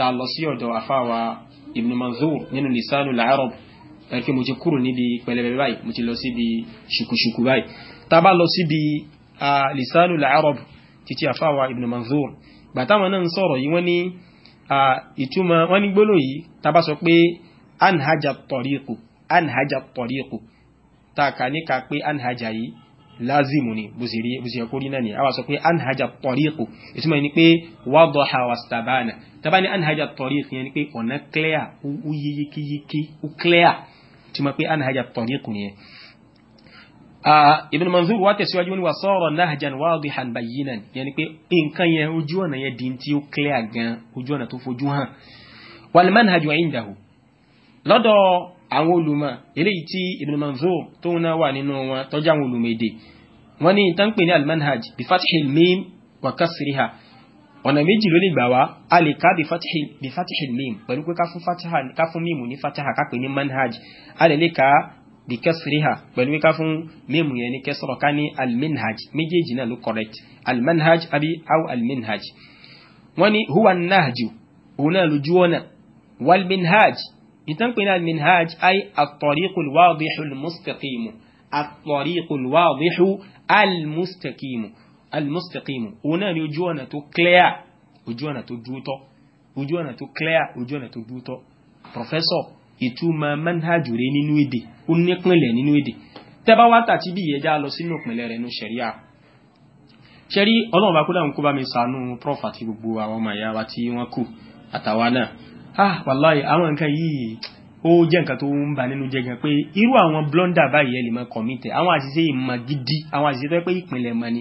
tá a lọ sí ọ̀dọ̀ àfáwà ibn manzur nínú lisanu al-arab ẹ̀kí mo ti kúrò níbi pẹlẹbẹ báyìí mo ti lọ síbi ṣùkùṣùkù báyìí tá a bá lọ síbi lisanu al títí àfáwà ibn manzur bàtàwọn náà ń sọ̀rọ̀ yìí wọ́n ní ìtumọ̀ wọ́n ní gbólò yìí tá a bá sọ pé anhaja tọ̀ríkù anhaja tọ̀ríkù tá a kà níka pé anhaja yìí lázimu ni bó sì yẹ kó rí náà ni a wá sọ pé anhaja tọ́ríkù ìtumọ̀ ni pé wadaha wastabana tàbá ní anhaja tọ́ríkù yẹn ni pé ọ̀nà clear ó yé yékéyéké ó clear tí mo pé anhaja tọ́ríkù yẹn. Ibn Manzur wá tẹ̀síwájú ní wa sara nahjan wadihan bayyinan yẹn ni pé nǹkan yẹn ojú ọ̀nà yẹn di tí ó clear gan ojú ọ̀nà tó fojú hàn wal manhaju indahu lọ́dọ̀ àwọn olùmọ̀ eléyìí tí Ibn Manzur tó ń náà wà nínú wọn tọ́jú àwọn olùmọ̀ èdè wọ́n ní ìtàn pè ní almanhaj bí fatihil mim wa kasriha ọ̀nà méjì ló lè gbà wá a lè ká bí fatihil mim pẹ̀lú pé ká fún mímù ní fatiha ká pè ní manhaj a lè lè ká bí pẹ̀lú ká fún mímù yẹn ní kẹsọ̀rọ̀ ká ní almanhaj méjèèjì náà ló correct almanhaj àbí aw almanhaj wọ́n ní huwa nahju òun náà lójú ọ̀nà walmanhaj ìtàn pé ní alminhaj ay at-tariqul wadihul mustaqimu at-tariqul wadihul mustaqimu almustaqimu òun náà ni ojú ọ̀nà tó clear ojú ọ̀nà tó dúótọ́ ojú ọ̀nà tó clear ojú ọ̀nà tó dúótọ́ professor ìtumọ̀ manhajú rẹ nínú èdè ó nípìnlẹ̀ nínú èdè tẹ́bá wá tàbí bí ìyẹjá lọ sínú ìpìnlẹ̀ rẹ̀ nú ṣẹ̀ríà ṣẹ̀rí ọlọ́run bá kó dáhùn kó bá mi sànú prof àti gbogbo àwọn ọmọ ìyá wa tí wọ́n kù àtàwa náà ah wàláyé àwọn nǹkan yìí ó jẹ́ nǹkan tó ń bà nínú jẹ́ gan pé irú àwọn blunder báyìí ẹ lè máa commit àwọn àṣìṣe ìmọ̀ gidi àwọn àṣìṣe tó yẹ pé ìpìlẹ̀ mọ̀ ni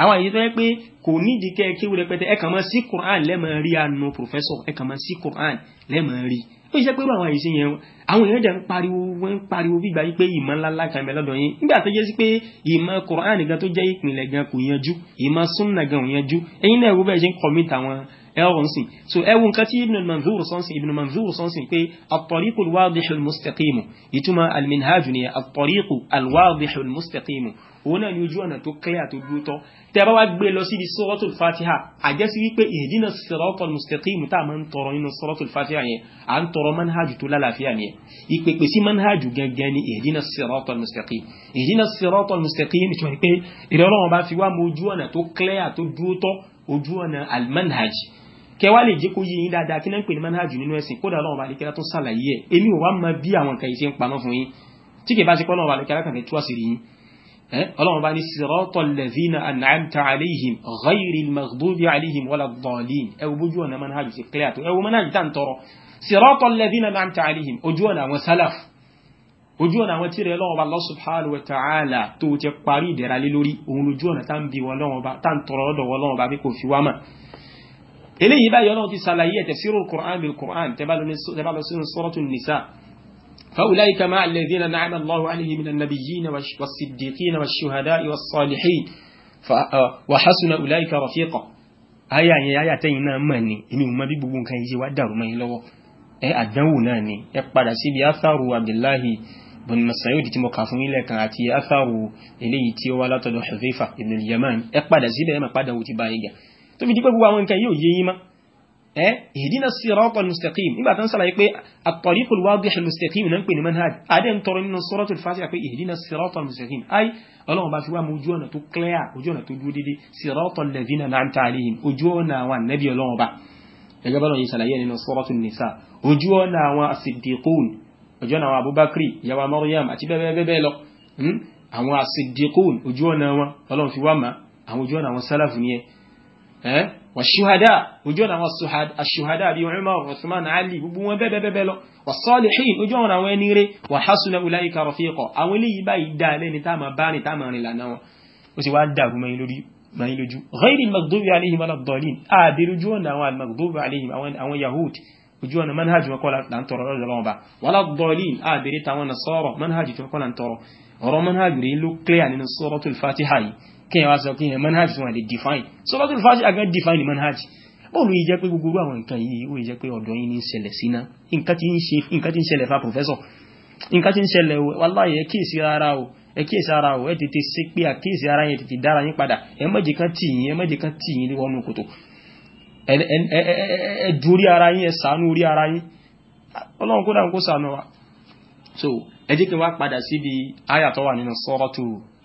àwọn àṣìṣe tó yẹ pé kò nídìí kẹ́ kí wúlẹ̀ pẹ́tẹ́ ẹ kàn máa sí Quran lẹ́mọ̀ rí àánú professor ẹ kàn máa sí Quran lẹ́mọ̀ rí ó ṣe pé irú àwọn àṣìṣe yẹn àwọn èèyàn jẹ́ ń pariwo wọ́n ń pariwo bí ìgbà yìí pé ìmọ̀ ńláńlá kan bẹ lọ́dọ̀ yín nígbà tó jẹ́ sí pé ìmọ̀ Quran gan tó jẹ́ ìpìlẹ̀ gan kò yanjú ìmọ̀ sunna gan ò yanjú ẹ̀yin náà wo bẹ́ẹ̀ ṣe ń commit àwọn ẹ̀rọ nsìn so ẹwù nǹkan tí ibn manzur sọ́nsìn ibn manzur sọ́nsìn pé at-tariqu al-wadihu al-mustaqim ìtumọ̀ al-minhaju ni at-tariqu al-wadihu al-mustaqim òun náà ni ojú ọ̀nà tó clear tó dúró tọ́ tẹ́ bá wá gbé lọ síbi suratul fatiha àjẹsí wípé ihdina siratal mustaqim tá a máa ń tọrọ nínú suratul fatiha yẹn à ń tọrọ manhaju tó lálàáfíà yẹn ìpèpè sí manhaju gangan ni ihdina siratal mustaqim ihdina siratal mustaqim tí wọ́n ní ìrọ̀lọ́wọ́n bá fi wá mọ ojú ọ̀nà tó clear tó dúró ojú ọ̀nà al kẹwàá lè jẹ́ kó yé yín dáadáa kí náà ń pè ní manhaj nínú ẹ̀sìn kódà Ọlọ́run balẹ̀kẹ́lá tó ṣàlàyé ẹ̀ èmi ò wá mọ bí àwọn nǹkan yìí ṣe ń pamọ́ fún yín tí kì bá ṣe pé Ọlọ́run balẹ̀kẹ́lá kàn tú àṣírí yín Ọlọ́run bá ní sirọ́tọ̀ lẹ́zínà an'amta alayhim ghayri maghdubi alayhim wala dhalin ẹ eléyìí báyìí ọlọ́run ti ṣàlàyé tafsirul Qur'an bil Qur'an tẹ́ bá lọ sínú suratul Nisa فأولئك مع الذين نعم الله عليهم من النبيين والصديقين والشهداء والصالحين وحسن أولئك رفيقا aya yẹn aya tẹ́yìn náà mọ̀ ní èmi ò mọ̀ bí gbogbo nǹkan yìí wá dàrú mọ́ yín lọ́wọ́ ẹ àdánwò náà ni ẹ padà síbi atharu abdullahi bin masayud tí mo kà fún yín lẹ́ẹ̀kan àti atharu eléyìí tí ó wá látọ̀dọ̀ hudhaifa ibn al-yaman ẹ padà síbẹ̀ ẹ máa padà wò ti bá yín gà tó fi dípẹ́ gbogbo àwọn nǹkan yóò yé yín mọ́ ẹ́ ihdina siratal mustaqim nígbà tó ń sàlàyé pé at-tariqul wadihul mustaqim náà ń pè ní manhaj adé ń tọrọ nínú suratul Fatiha pé ihdina siratal mustaqim ay ọlọ́run bá fi wá mú ojú ọ̀nà tó clear ojú ọ̀nà tó dúró dédé siratal ladhina an'amta alaihim ojú ọ̀nà àwọn ànábì ọlọ́run bá gẹ́gẹ́ bọ́lọ̀ yìí sàlàyé nínú suratul hmm? ojú ọ̀nà wọn ọlọ́run fi wá والشهداء وجونا الشهداء بي عمر وعثمان علي بو بيبيبيلو والصالحين وجونا وينيري وحسن اولئك رفيقا اولي باي دالين تاما باني تاما لنا وسي وادا ما يلودي ما يلوجو غير المغضوب عليهم ولا الضالين ابي وجونا والمغضوب عليهم او او يهود وجونا منهج وقول ان ترى الله با ولا الضالين ابي تاما نصارى منهج تقول ان ترى ورا منهج ريلو كلي عن سوره الفاتحه kí ẹwà sọ kí ẹ manhaj wọn lè define suratul Fatiha gan define manhaj bọ́ọ̀lù yìí jẹ́ pé gbogbo àwọn nǹkan yìí ó jẹ́ pé ọ̀dọ̀ yìí ní ṣẹlẹ̀ síná nǹkan tí ń ṣẹlẹ̀ fa professor nǹkan tí ń ṣẹlẹ̀ wallahi ẹ kíyèsí o ẹ kíyèsí ara o ẹ tètè ṣe pé àkíyèsí ara yẹn tètè dára yín padà ẹ mọ̀jẹ̀ kan tì yín ẹ mọ̀jẹ̀ kan tì yín wọnú kòtò ẹ dúrí ara yín ẹ sànú orí ara wa so ẹ jẹ́ kí n wá padà síbi áyà tó wà nínú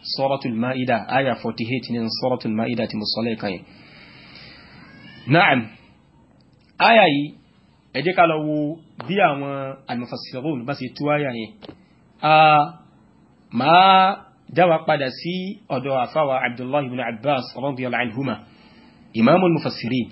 suratul ma'ida aya 48 nínú suratul ma'ida tí mo sọ lẹ́ẹ̀kan yẹn na'am aya yìí ẹ jẹ́ ká lọ wo bí àwọn al-mufassirun bá ṣe tú aya yẹn a máa dáwà padà sí ọ̀dọ̀ àfáwà abdullahi ibn abbas radiyallahu anhuma imamul mufassirin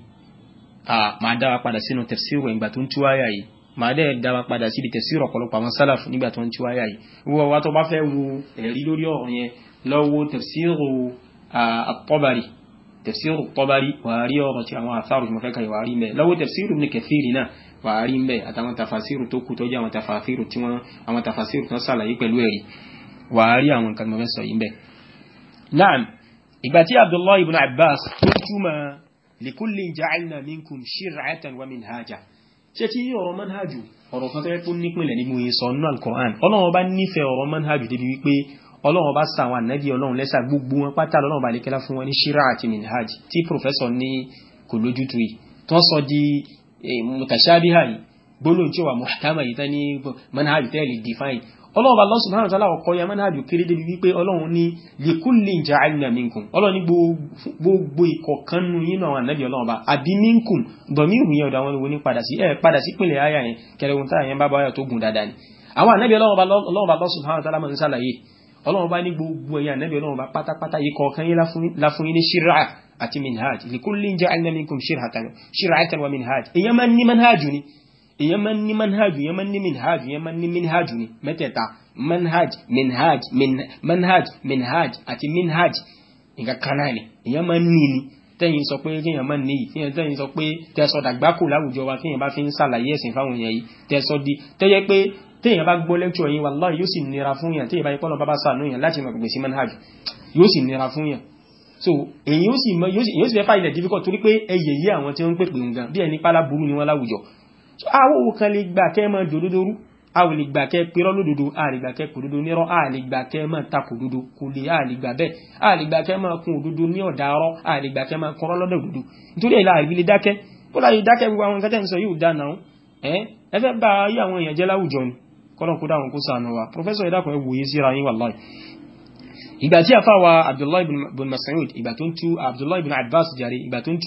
a máa dáwà padà sínú tafsiru ìgbà tó ń aya yìí màá dẹ̀ dára padà sí ìdìtẹ̀sí ọ̀pọ̀lọpọ̀ àwọn sálàfù nígbà tó ń tú yìí wọ́n wá tó bá fẹ́ wo ẹ̀rí lórí ọ̀rọ̀ yẹn lọ́wọ́ tafsiru àtọ́bari tafsiru tọ́bari wàárí ọ̀rọ̀ tí àwọn àtàrù tí mo fẹ́ ka ìwàárí mẹ́ lọ́wọ́ tafsiru ibn kathiri náà wàárí mẹ́ àtàwọn tafasiru tó kù tó jẹ́ àwọn tafasiru tí wọ́n àwọn tafasiru tó sàlàyé pẹ̀lú ẹ̀rí wàárí àwọn nǹkan mo fẹ́ sọ yìí mẹ́. naam ìgbà tí abdullahi ibn abbas tó túmọ̀ likulli ja'alna minkum shir'atan wa minhaja ṣe tí ọ̀rọ̀ manhaju ọ̀rọ̀ kan tó nípìnlẹ̀ nínú ìsọ̀nù al-Qur'an ọlọ́run ọba ọ̀rọ̀ manhaju débi wípé ọlọ́run bá sa àwọn ànábì ọlọ́run lẹ́sà gbogbo wọn pátá lọ́lọ́run bá lè kẹ́lá fún wọn ní shira àti minhaj tí pòfẹ́sọ̀ ní kò lójútu yìí tó sọ di eh, mutashabiha yìí gbólóhùn tí ó yìí tán ní manhaj tẹ́lẹ̀ define ọlọ́run bá lọ́sùn náà tọ́lá ọkọ ya manhaj kéré débi wípé ọlọ́run ní likulli ja'alna minkum ọlọ́run ní gbogbo ìkọ̀kan nu yín àwọn ànábì ọlọ́run bá àbí minkum dọ̀mí ìhùn yẹn ọ̀dọ̀ àwọn ìwé ní padà sí ẹ̀ padà sí pínlẹ̀ àyà yẹn kẹrẹ̀wọ̀n táyà yẹn bá bá yà tó gùn dáadáa ọlọ́run bá lọ́sùn náà tọ́lá mọ̀ ń sàlàyé ọlọ́run bá ní gbogbo ẹ̀yà nẹ́bí ọlọ́run bá pátápátá yìí kọ̀ọ̀kan yìí láfún yìí ní ṣíra àti minhaj li kullin ja'alna minkum shir'atan wa minhaj èyàn máa ní manhaj ni èyàn máa ní manhaj èyàn máa ní minhaj èyàn ni mẹ́tẹ̀ẹ̀ta manhaj minhaj manhaj minhaj àti minhaj nǹkan kan náà ni èyàn máa ní ni tẹ́yìn sọ pé kéèyàn máa ní yìí tẹ́yìn sọ pé tẹ́sọ̀ dàgbákò láwùjọ wa kéèyàn bá fi ń ṣàlàyé ẹ̀sìn fáwọn èèyàn yìí tẹ́sọ̀ di tẹ́yẹ pé téèyàn bá gbọ́ lecture yìí wallahi yóò sì nira fún yàn téèyàn bá ipọ́nà bá bá sànú yàn láti mọ̀ gbèsè manhaj yóò sì nira fún yàn so èyí yóò sì yóò sì fẹ́ fà ilẹ̀ difficult torí pé ẹyẹ yí àwọn tí wọ́n ń pèpè nǹkan bí ẹni pálá burú ni wọ́n láwùjọ so àwọn owó kan lè gbà kẹ́ mọ́ dòdòdó rú àwọn lè gbà kẹ́ pérọ́ lódodo a lè gbà kẹ́ kòdodo nírọ́ a lè gbà kẹ́ mọ́ takò dodo kò lè a lè gbà bẹ́ẹ̀ a lè gbà kẹ́ mọ́ kun òdodo ní ọ̀dàrọ́ a lè gbà kẹ́ mọ́ kọ́rọ́ lọ́dọ̀ òdodo kó láyé dákẹ́ gbogbo àwọn nǹkan tẹ́ ń sọ yóò dáná ẹ bá ayé àwọn èèyàn jẹ́ láwùjọ ni kọ́lọ̀ kó dáhùn kó wa professor ìdákùn ẹwòye síra yín wallahi ìgbà tí a fáwa abdullahi bin mas'ud ìgbà abdullahi bin abbas jari ìgbà tó ń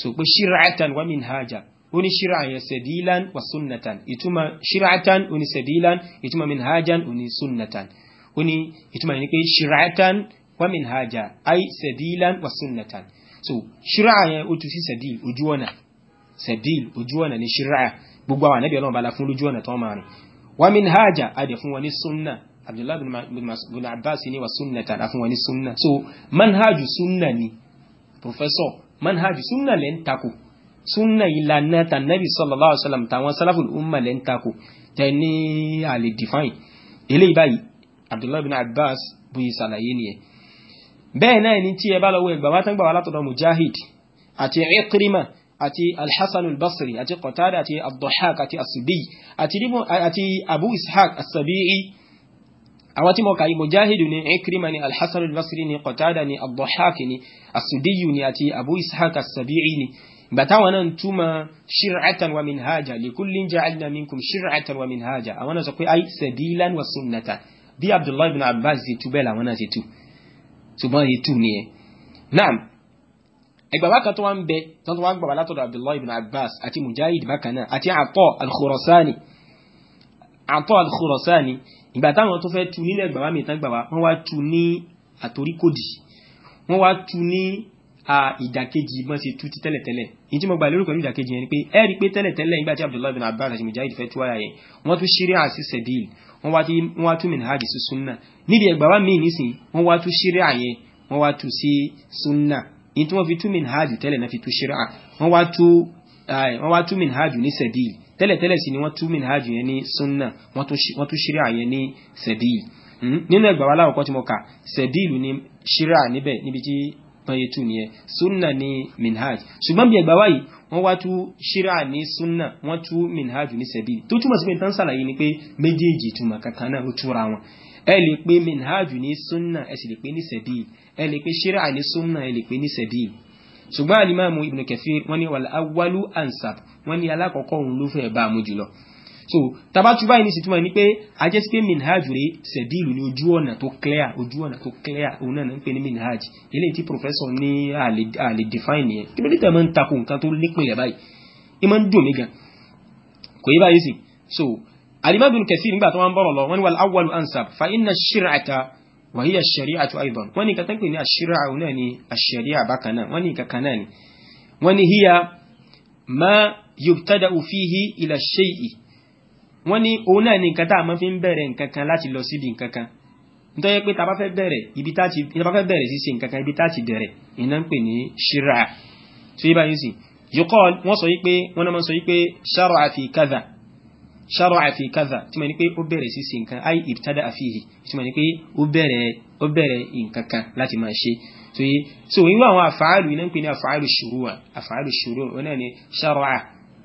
so pé shira'atan wa minhaja ó ní shira wa sunnatan ìtumọ̀ shira'atan ó ní sẹ̀dílan ìtumọ̀ minhajan sunnatan ó ní ni pé shira'atan wa minhaja ay sẹ̀dílan wa sunnatan so shira yẹn ó tu sí sẹ̀díl ojú ọ̀nà ni shira gbogbo àwọn ànábì ọlọ́run la fún lójú ọ̀nà tó máa wa minhaja a dẹ̀ fún wọn ní sunna abdullahi bin abbas ni wa sunna tàdá fún wọn sunna so manhaju sunna ni professor manhaju sunna len ń Sunna sunna ìlànà tànàbí sallallahu alaihi wasallam wa salaful umma len ń takò ni ní àlè define eléyìí báyìí abdullahi bin abbas bu yìí ṣàlàyé nìyẹn bẹ́ẹ̀ náà ni tí ẹ bá lọ wọ ẹgbàá wá tán gbà wá látọ̀dọ̀ mujahid àti ikrima àti alhassan albasri àti qatada àti abdullahi àti asibi àti abu ishaq asabi'i àwọn tí mo kàyí mujahidu ni ikrima ni alhassan albasri ni qatada ni abdullahi ni asibiyu ni àti abu ishaq asabi'i ni bàtàwọn náà túmọ̀ shir'atan wa minhaja likullin ja'alna minkum shir'atan wa minhaja àwọn náà sọ pé ay sabilan wa sunnatan bí abdullahi ibn abbas ti tú làwọn náà ti tú ni ẹ̀ ẹgbà wákan tó wá ń bẹ tó wá gbà wá látọ̀dọ̀ abdullahi ibn abbas àti mujahid bákan náà àti àtọ̀ al-khurasani àtọ̀ al-khurasani ìgbà táwọn tó fẹ́ tu nílẹ̀ ẹgbà wá mìíràn gbà wá wọ́n wá tu ní àtoríkòdì wọ́n wá tu ní ìdàkejì mọ́ sí tu ti tẹ́lẹ̀tẹ́lẹ̀ yìí tí mo gbà lérò pẹ̀lú ìdàkejì yẹn ni pé ẹ rí i pé tẹ́lẹ̀tẹ́lẹ̀ nígbà tí abdullahi ibn abbas àti mujahid fẹ́ tu wáyà yẹn wọ́n tún ṣeré àti sẹ̀bíl wọ́n sí sunna wọ́n wá tún in tí wọ́n fi tú minhaju tẹ́lẹ̀ náà fi tú ṣíra wọ́n wá tú minhaju ní sẹ̀díì tẹ́lẹ̀tẹ́lẹ̀ sí ni wọ́n tú minhaju yẹn ní sunna wọ́n tú ṣíra yẹn ní sẹ̀díì hmm? nínú ẹgbàá wa láwọ̀kọ́ tí mo kà sẹ̀díì ni ṣíra níbẹ̀ níbi tí pẹ́yẹ tù nìyẹn sunna ní minhaj ṣùgbọ́n bí ẹgbà wáyìí wọ́n wá tú ṣíra ní sunna wọ́n tú minhaj ní sẹ́bìlì tó túmọ̀ sí pé tán ṣàlàyé ni pé méjèèjì ìtumọ̀ kankan náà ló túra wọn ẹ lè pé minhaj ní sunna ẹ sì lè pé ní sẹ́bìlì ẹ lè pé ṣíra ní sunna ẹ lè pé ní sẹ́bìlì ṣùgbọ́n alimamu ibn Kathir wọ́n ní wàlá awwalu ansap, wọ́n ní alákọ̀ọ́kọ́ òun ló fẹ́ bá a mú jùlọ so tabatu báyìí ní ìsìtúmọ̀ ni pé ajẹ́ sí pé minhaj rẹ̀ sẹ̀bílù ní ojú ọ̀nà tó clear ojú ọ̀nà tó clear òun náà ń pè ní minhaj eléyìí tí professor ní àlè define yẹn kí ló dé tẹ̀ máa ń takò nǹkan tó nípìnlẹ̀ báyìí ìmọ̀ ń dùn mí gan kò yí báyìí sì so alimadu kẹsì nígbà tó wọn bọ̀rọ̀ lọ wọn ni wal awwalu ansab fa inna shir'ata wa hiya shari'atu aidan wọn ni ní ashira òun wọ́n ní òun náà ní nǹkan tá a máa fi ń bẹ̀rẹ̀ nǹkan kan láti lọ síbi nǹkan kan nítorí pé tá a bá fẹ́ bẹ̀rẹ̀ ibi tá a fẹ́ bẹ̀rẹ̀ ṣíṣe nǹkan kan ibi tá bẹ̀rẹ̀ iná ń pè ní ṣíra tó yí báyìí sì yòókọ́ wọ́n sọ yìí wọ́n náà sọ yìí pé àfi kàdà ṣàrọ̀ àfi kàdà tí mo ní pé ó bẹ̀rẹ̀ ṣíṣe nǹkan ayé ìbítádà àfihì tí mo ní pé ó bẹ̀rẹ̀ nǹkan láti máa ṣe tó yí so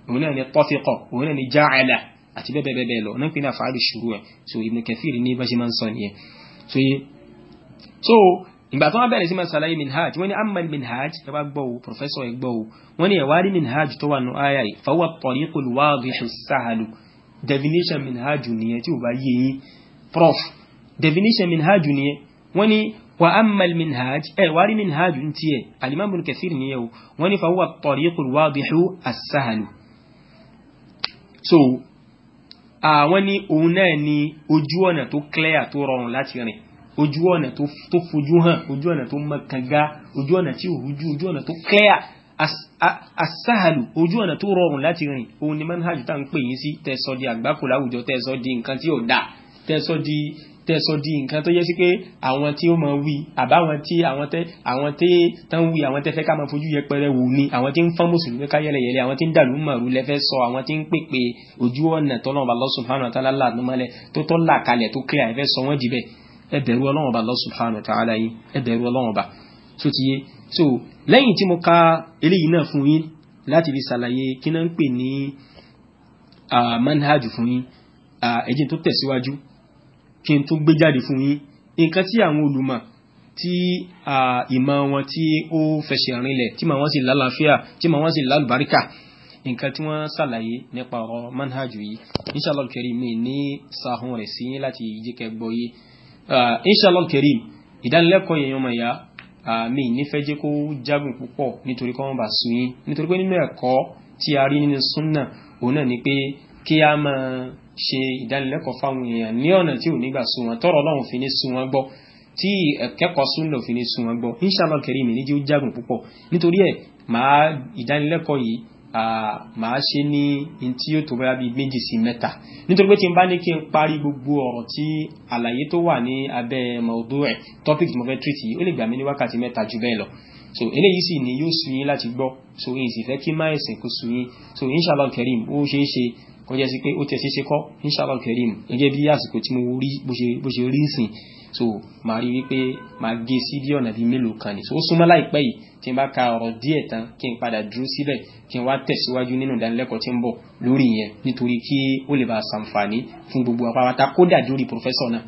òun náà ni tọ́fíkọ̀ òun náà ni jáàlà àti bẹ́ẹ̀ bẹ́ẹ̀ bẹ́ẹ̀ lọ náà ń pè ní àfáàlì ṣòro ẹ̀ so Ibn Kathir ní bá ṣe máa ń sọ nìyẹn so yé so ìgbà tó wọn bẹ̀rẹ̀ sí máa ṣàlàyé minhaj wọ́n ní amal minhaj ẹ bá gbọ́ o professor ẹ gbọ́ o wọ́n ní ẹ̀wárí minhaj tó wà nù ayà yìí fawa tariqul wadihu sahalu definition minhaj nìyẹn tí ò bá yé yín prof definition minhaj nìyẹn wọ́n ní wa amal minhaj ẹ̀wárí minhaj ń tiẹ̀ al-imam Ibn Kathir nìyẹn o wọ́n ní fawa tariqul wadihu as-sahalu so àwọn ní òun náà ni ojú ọ̀nà tó clear tó rọrùn láti rìn ojú ọ̀nà tó fojú hàn ojú ọ̀nà tó mọ kànga ojú ọ̀nà tí òrújú ojú ọ̀nà tó clear asáhàlù ojú ọ̀nà tó rọrùn láti rìn òun ni manhaj tá ń pè yín sí tẹ̀sọ́ di àgbákò láwùjọ tẹ̀sọ́ di nǹkan tí ò dáa tẹ̀sọ́ di tẹ́sọ di nǹkan tó yẹ sí pé àwọn tí ó máa wí àbáwọn tí àwọn tẹ́ àwọn tẹ́ tán wí àwọn tẹ́fẹ́ ká máa fojú yẹpẹrẹ wò ni àwọn tí ń fọ́n mùsùlùmí ká yẹlẹyẹlẹ àwọn tí ń dàlú màrú lẹ́fẹ́ sọ àwọn tí ń pèpè ojú ọ̀nà tọ́lọ́run Allah subhanahu wa ta'ala tó tọ́ là kalẹ̀ tó kílẹ̀ àìfẹ́ sọ wọ́n dìbẹ̀ ẹ Ọlọ́run ọba Allah so lẹ́yìn tí mo ka eléyìí náà fún yín láti fi ṣàlàyé kí náà ń pè ní ah, kí n tún gbé jáde fún yín nǹkan tí àwọn olùmọ̀ tí ìmọ̀ wọn tí ó fẹsẹ̀ rinlẹ̀ tí màá wọ́n sì lálàáfíà tí màá wọ́n sì lálùbáríkà nǹkan tí wọ́n ṣàlàyé nípa ọ̀rọ̀ manhaj yìí inshallah karim mi ní sahun rẹ̀ sí láti jíkẹ́ gbọ́ yé inshallah karim ìdánilẹ́kọ̀ọ́ yẹn ọmọ ìyá mi nífẹ̀ẹ́ jẹ́ kó jágùn púpọ̀ nítorí kọ́ wọn bá sùn yín nítorí pé nínú ẹ̀kọ́ tí a rí nínú súnnà òun náà ni pé kí a máa ṣe ìdánilẹ́kọ̀ọ́ fáwọn èèyàn ní ọ̀nà tí ò nígbà sun wọn tọrọ ọlọ́run fi ní sun wọn gbọ́ tí ẹ̀kẹ́kọ̀ọ́ súnlọ̀ fi ní sun wọn gbọ́ inshallah karim ní jẹ́ ó jágùn púpọ̀ nítorí ẹ̀ máa ìdánilẹ́kọ̀ọ́ yìí máa ṣe ní tí ó tó bá bí méjì sí mẹ́ta nítorí pé tí n bá ní kí n parí gbogbo ọ̀rọ̀ tí àlàyé tó wà ní abẹ́ mọ̀ọ́dọ́ ẹ̀ topic mo fẹ́ treat yìí ó lè gbà mí ní wákàtí mẹ́ta ju bẹ́ẹ̀ lọ so eléyìí sì ni yóò sú yín láti gbọ́ so yín sì fẹ́ kí má ẹ̀sìn kó sú yín so inshallah karim ó ṣeé ṣe kó jẹ́ sí pé ó tẹ̀ sí ṣe kọ́ inshallah kerim gẹ́gẹ́ bí àsìkò tí mo rí bó ṣe rí sìn so màá rí wípé màá gé sí bí ọ̀nà bíi mélòó kan ni so ó súnmọ́ láìpẹ́ yìí tí n bá ka ọ̀rọ̀ díẹ̀ tán kí n padà dúró síbẹ̀ kí n wá tẹ̀síwájú nínú ìdánilẹ́kọ̀ọ́ tí ń bọ̀ lórí yẹn nítorí kí ó lè bá ṣàǹfààní fún gbogbo apáwátá kódà lórí pòfẹ́sọ̀ náà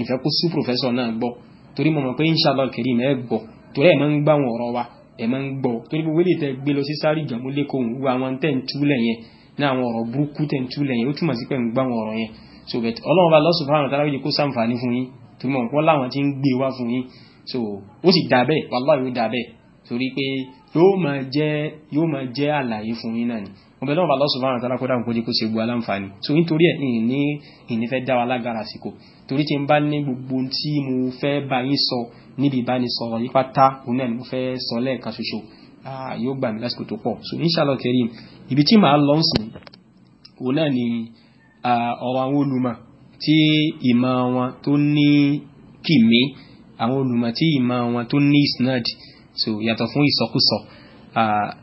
ìfẹ́ kó sú pòfẹ́sọ̀ náà gbọ́ torí mo mọ̀ pé inshallah kerim ẹ gbọ́ torí ẹ̀ máa ń gbá àwọn ọ̀rọ̀ wa ẹ̀ máa ń gbọ́ torí gbogbo eléyìí tẹ gbé lọ sí sáré ìjàmúlẹ́kọ̀ọ́ òun wọ àwọn tẹ̀ ń túlẹ̀ yẹn ní àwọn ọ̀rọ̀ burúkú tẹ̀ ń tú lẹ́yìn ó túmọ̀ sí pé ń ọ̀rọ̀ yẹn so bẹ̀tẹ̀ ọlọ́run bá lọ́sùn fáwọn ọ̀tá láwùjọ kó sàǹfààní fún yín tó mọ̀ wọ́n láwọn ti ń gbé wá fún yín so ó sì dà bẹ́ẹ̀ wàláhì ó dà bẹ́ẹ̀ torí pé yóò máa jẹ́ yóò máa jẹ́ àlàyé fún yín náà ni wọn bẹ̀rẹ̀ ọba lọ́sùn fáwọn àtàlákọ́dá nǹkan jẹ́ so ni mo fẹ́ sọ lẹ́ẹ̀kan ṣoṣo Ah, yóò gbà mí lásìkò tó pọ̀ so inshallah kerim ibi tí màá lọ sìn òun náà ni ah, ọ̀rọ̀ àwọn olùmọ̀ tí ìmọ̀ wọn tó ní kìmí àwọn olùmọ̀ tí ìmọ̀ wọn tó ní isnad so yàtọ̀ fún ìsọkúsọ. So,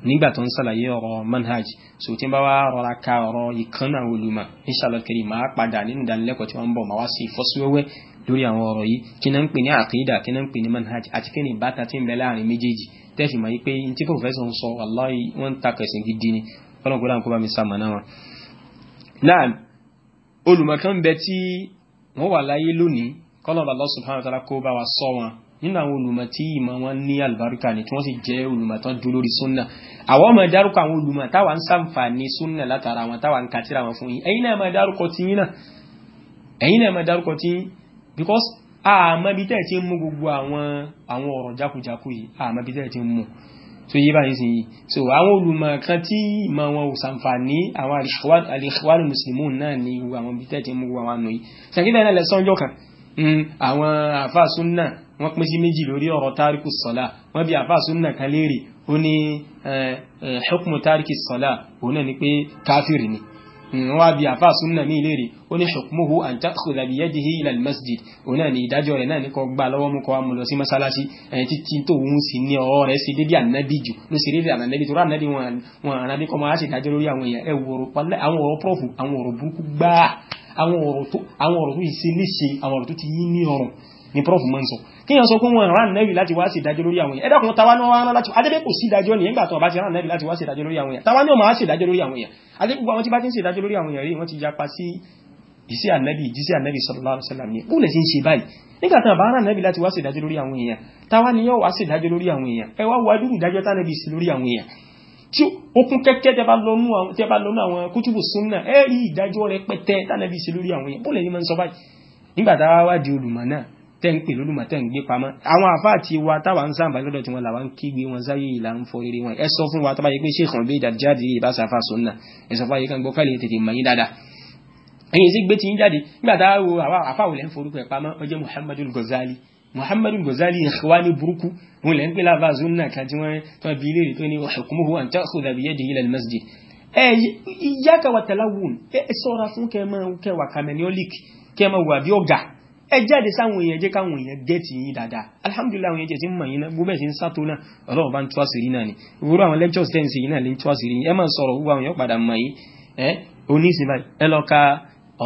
nígbà tó ń sàlàyé ọ̀rọ̀ manhaj so tí n bá wá rọra ka ọ̀rọ̀ ìkànnà àwọn olùmọ̀ inshallah kiri máa padà nínú ìdánilẹ́kọ̀ọ́ tí wọ́n ń bọ̀ máa wá sí ìfọ́síwẹ́wẹ́ lórí àwọn ọ̀rọ̀ yìí kí náà ń pè ní àkídà kí náà ń pè ní manhaj àti kí ni ìbáta tí ń bẹ láàrin méjèèjì tẹ́sí mọ̀ pé tí pòfẹ́sọ̀ ń sọ wallahi wọ́n ń takọ̀ ẹ̀sìn gidi ni ọlọ́run kó láǹkó bá mi sàmà náà wọn. náà Allah subhanahu wa ta'ala nínú àwọn olùmọ̀ tí ìmọ̀ wọn ní àlùbáríkà ni tí wọ́n sì jẹ́ olùmọ̀ tán dúró lórí súnà àwọn ọmọ dárúkọ àwọn olùmọ̀ táwa ń sàǹfààní súnà látara àwọn táwa ń kàtírà wọn fún yín ẹ̀yin náà máa dárúkọ tí yín náà ẹ̀yin náà máa dárúkọ tí yín because àmọ́ bí tẹ́ẹ̀ ti ń mú gbogbo àwọn àwọn ọ̀rọ̀ jákujàku yìí àmọ́ bí tẹ́ẹ̀ ti ń so àwọn olùmọ̀ kan tí ìmọ̀ wọn ò sàǹfààní àwọn al-ikhwanul muslimun náà ní gbogbo àwọn bí tẹ́ẹ̀ ti ń mú gbogbo wọ́n pín sí méjì lórí ọ̀rọ̀ táríkù sọ́lá wọ́n bí àfáà súnnà kan léèrè ó ní hukmu táríkù sọ́lá òun náà ni pé káfírì ni wọ́n bí àfáà súnnà mí léèrè ó ní hukmuhu an ta'khudha bi yadihi ila al-masjid òun náà ni ìdájọ́ rẹ̀ náà ní kó gbà lọ́wọ́ mú kó wá mú lọ sí mọ́sálásí ẹni títí tó ń sì ní ọwọ́ rẹ̀ sí dédé ànábì jù ló sì dédé àwọn ọ̀rọ̀ tó ìṣe léṣe àwọn ọ̀rọ̀ tó ti yí ní ọ̀rọ̀ ni prof máa kí yàn sọ pé wọn rán nẹ́bì láti wá sí ìdájọ́ lórí àwọn èèyàn ẹ̀dàkùn tàwa náà rán láti adébẹ́ kò sí ìdájọ́ ní ẹgbà tó bá ti rán nẹ́bì láti wá sí ìdájọ́ lórí àwọn èèyàn tàwa ní ọmọ sí ìdájọ́ lórí àwọn èèyàn sallallahu alaihi wasallam ní kúlẹ̀ sí ń ṣe báyìí nígbà tán bá rán nẹ́bì láti wá sí ìdájọ́ lórí àwọn èèyàn tàwa ni yóò wá sí ìdájọ́ lórí àwọn èèyàn ẹ wá wá dúró ìdájọ́ tánẹ́bì sí lórí àwọn èèyàn tí okun kẹ́kẹ́ tẹ bá lọ́nú àwọn kútùbù súnnà ẹ rí ìdájọ́ rẹpẹtẹ tánẹ́bì sí lórí àwọn èèyàn tẹ́ǹpì lólùmọ̀ tẹ́ǹ gbé pamọ́ àwọn àfáà ti wa táwa ń sáàbà lọ́dọ̀ tí wọ́n làwa ń kígbe wọn sáyé ìlà ń fọ rere wọn ẹ sọ fún wa tó bá yẹ pé ṣéèkàn bí ìdàjáde ìbá sàfà sọ́nà ẹ sọ fún ayé kan gbọ́ káyọ̀ tètè mọ̀ yín dáadáa ẹ̀yin sì gbé ti yín jáde nígbà tá a wo àwọn àfáà wò lẹ́ ń forúkọ ẹ̀ pamọ́ ọjọ́ Muhammadul Ghazali Muhammadul Ghazali ìhwa ní burúkú òun lẹ́ ń pè láfa zunna kan tí wọ́n tó bí ilé rè tó masjid ẹ iyyaka wa talawun ẹ sọ́ra fún kẹ́ máa kẹ́ ẹ jáde sáwọn èèyàn jẹ́ káwọn èèyàn gẹ́ ti yín dáadáa alhamdulillah àwọn èèyàn jẹ́ ti ń mọ̀ yín náà gbogbo ẹ̀ sí ń sátó náà ọlọ́run bá ń tú àṣírí náà ni ìwúrọ̀ àwọn lectures ten sí yín náà lè ń tú àṣírí yín ẹ máa sọ̀rọ̀ gbogbo àwọn èèyàn padà mọ̀ yín ẹ oníṣìí báyìí ẹ lọ ka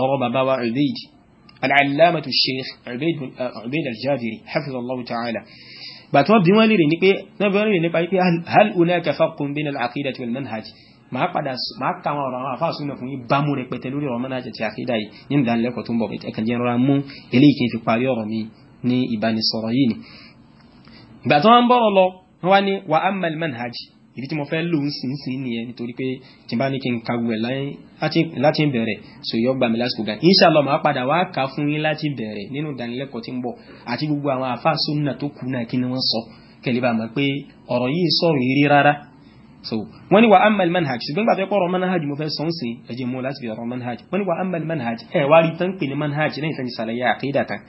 ọ̀rọ̀ bàbá wa Ubayd al-allamatu sheikh eh, máa padà máa ka àwọn ọ̀rọ̀ àwọn àfáàsù náà fún yín bámú rẹpẹtẹ lórí ọ̀rọ̀ mọ́nájà ti àkídà yìí nínú ìdánilẹ́kọ̀ọ́ tó ń bọ̀ ẹ̀kan jẹ́ rọra mú eléyìí kí fi parí ọ̀rọ̀ mi ní ìbánisọ̀rọ̀ yìí ni. ìgbà tó wá ń bọ̀rọ̀ lọ wọ́n wá ní wa ammal manhaj ìdí tí mo fẹ́ lò ń sìn sìn nìyẹn nítorí pé tí n bá ní kí n kagbu láti bẹ̀rẹ̀ so yọ gbà mí lásìkò gan inṣàlọ́ màá padà wá kà fún yín láti bẹ̀rẹ̀ nínú ìdánilẹ́kọ̀ọ́ tí ń bọ̀ àti gbogbo àwọn àfáàsó náà tó kù náà kí ni wọ́n sọ kẹlẹ́ mọ̀ pé ọ̀rọ̀ yìí sọ̀rọ̀ yìí rí rárá so wọ́n ní wa amal manhaj ṣùgbọ́n gbàtẹ́ kọ́rọ̀ manhaj mo fẹ́ sọ́n sí ẹjẹ́ mọ́ láti fi ọ̀rọ̀ manhaj wọ́n ní wa amal manhaj ẹ̀ wá rí tán pè ní manhaj lẹ́yìn tán ti ṣàlàyé àkídà kan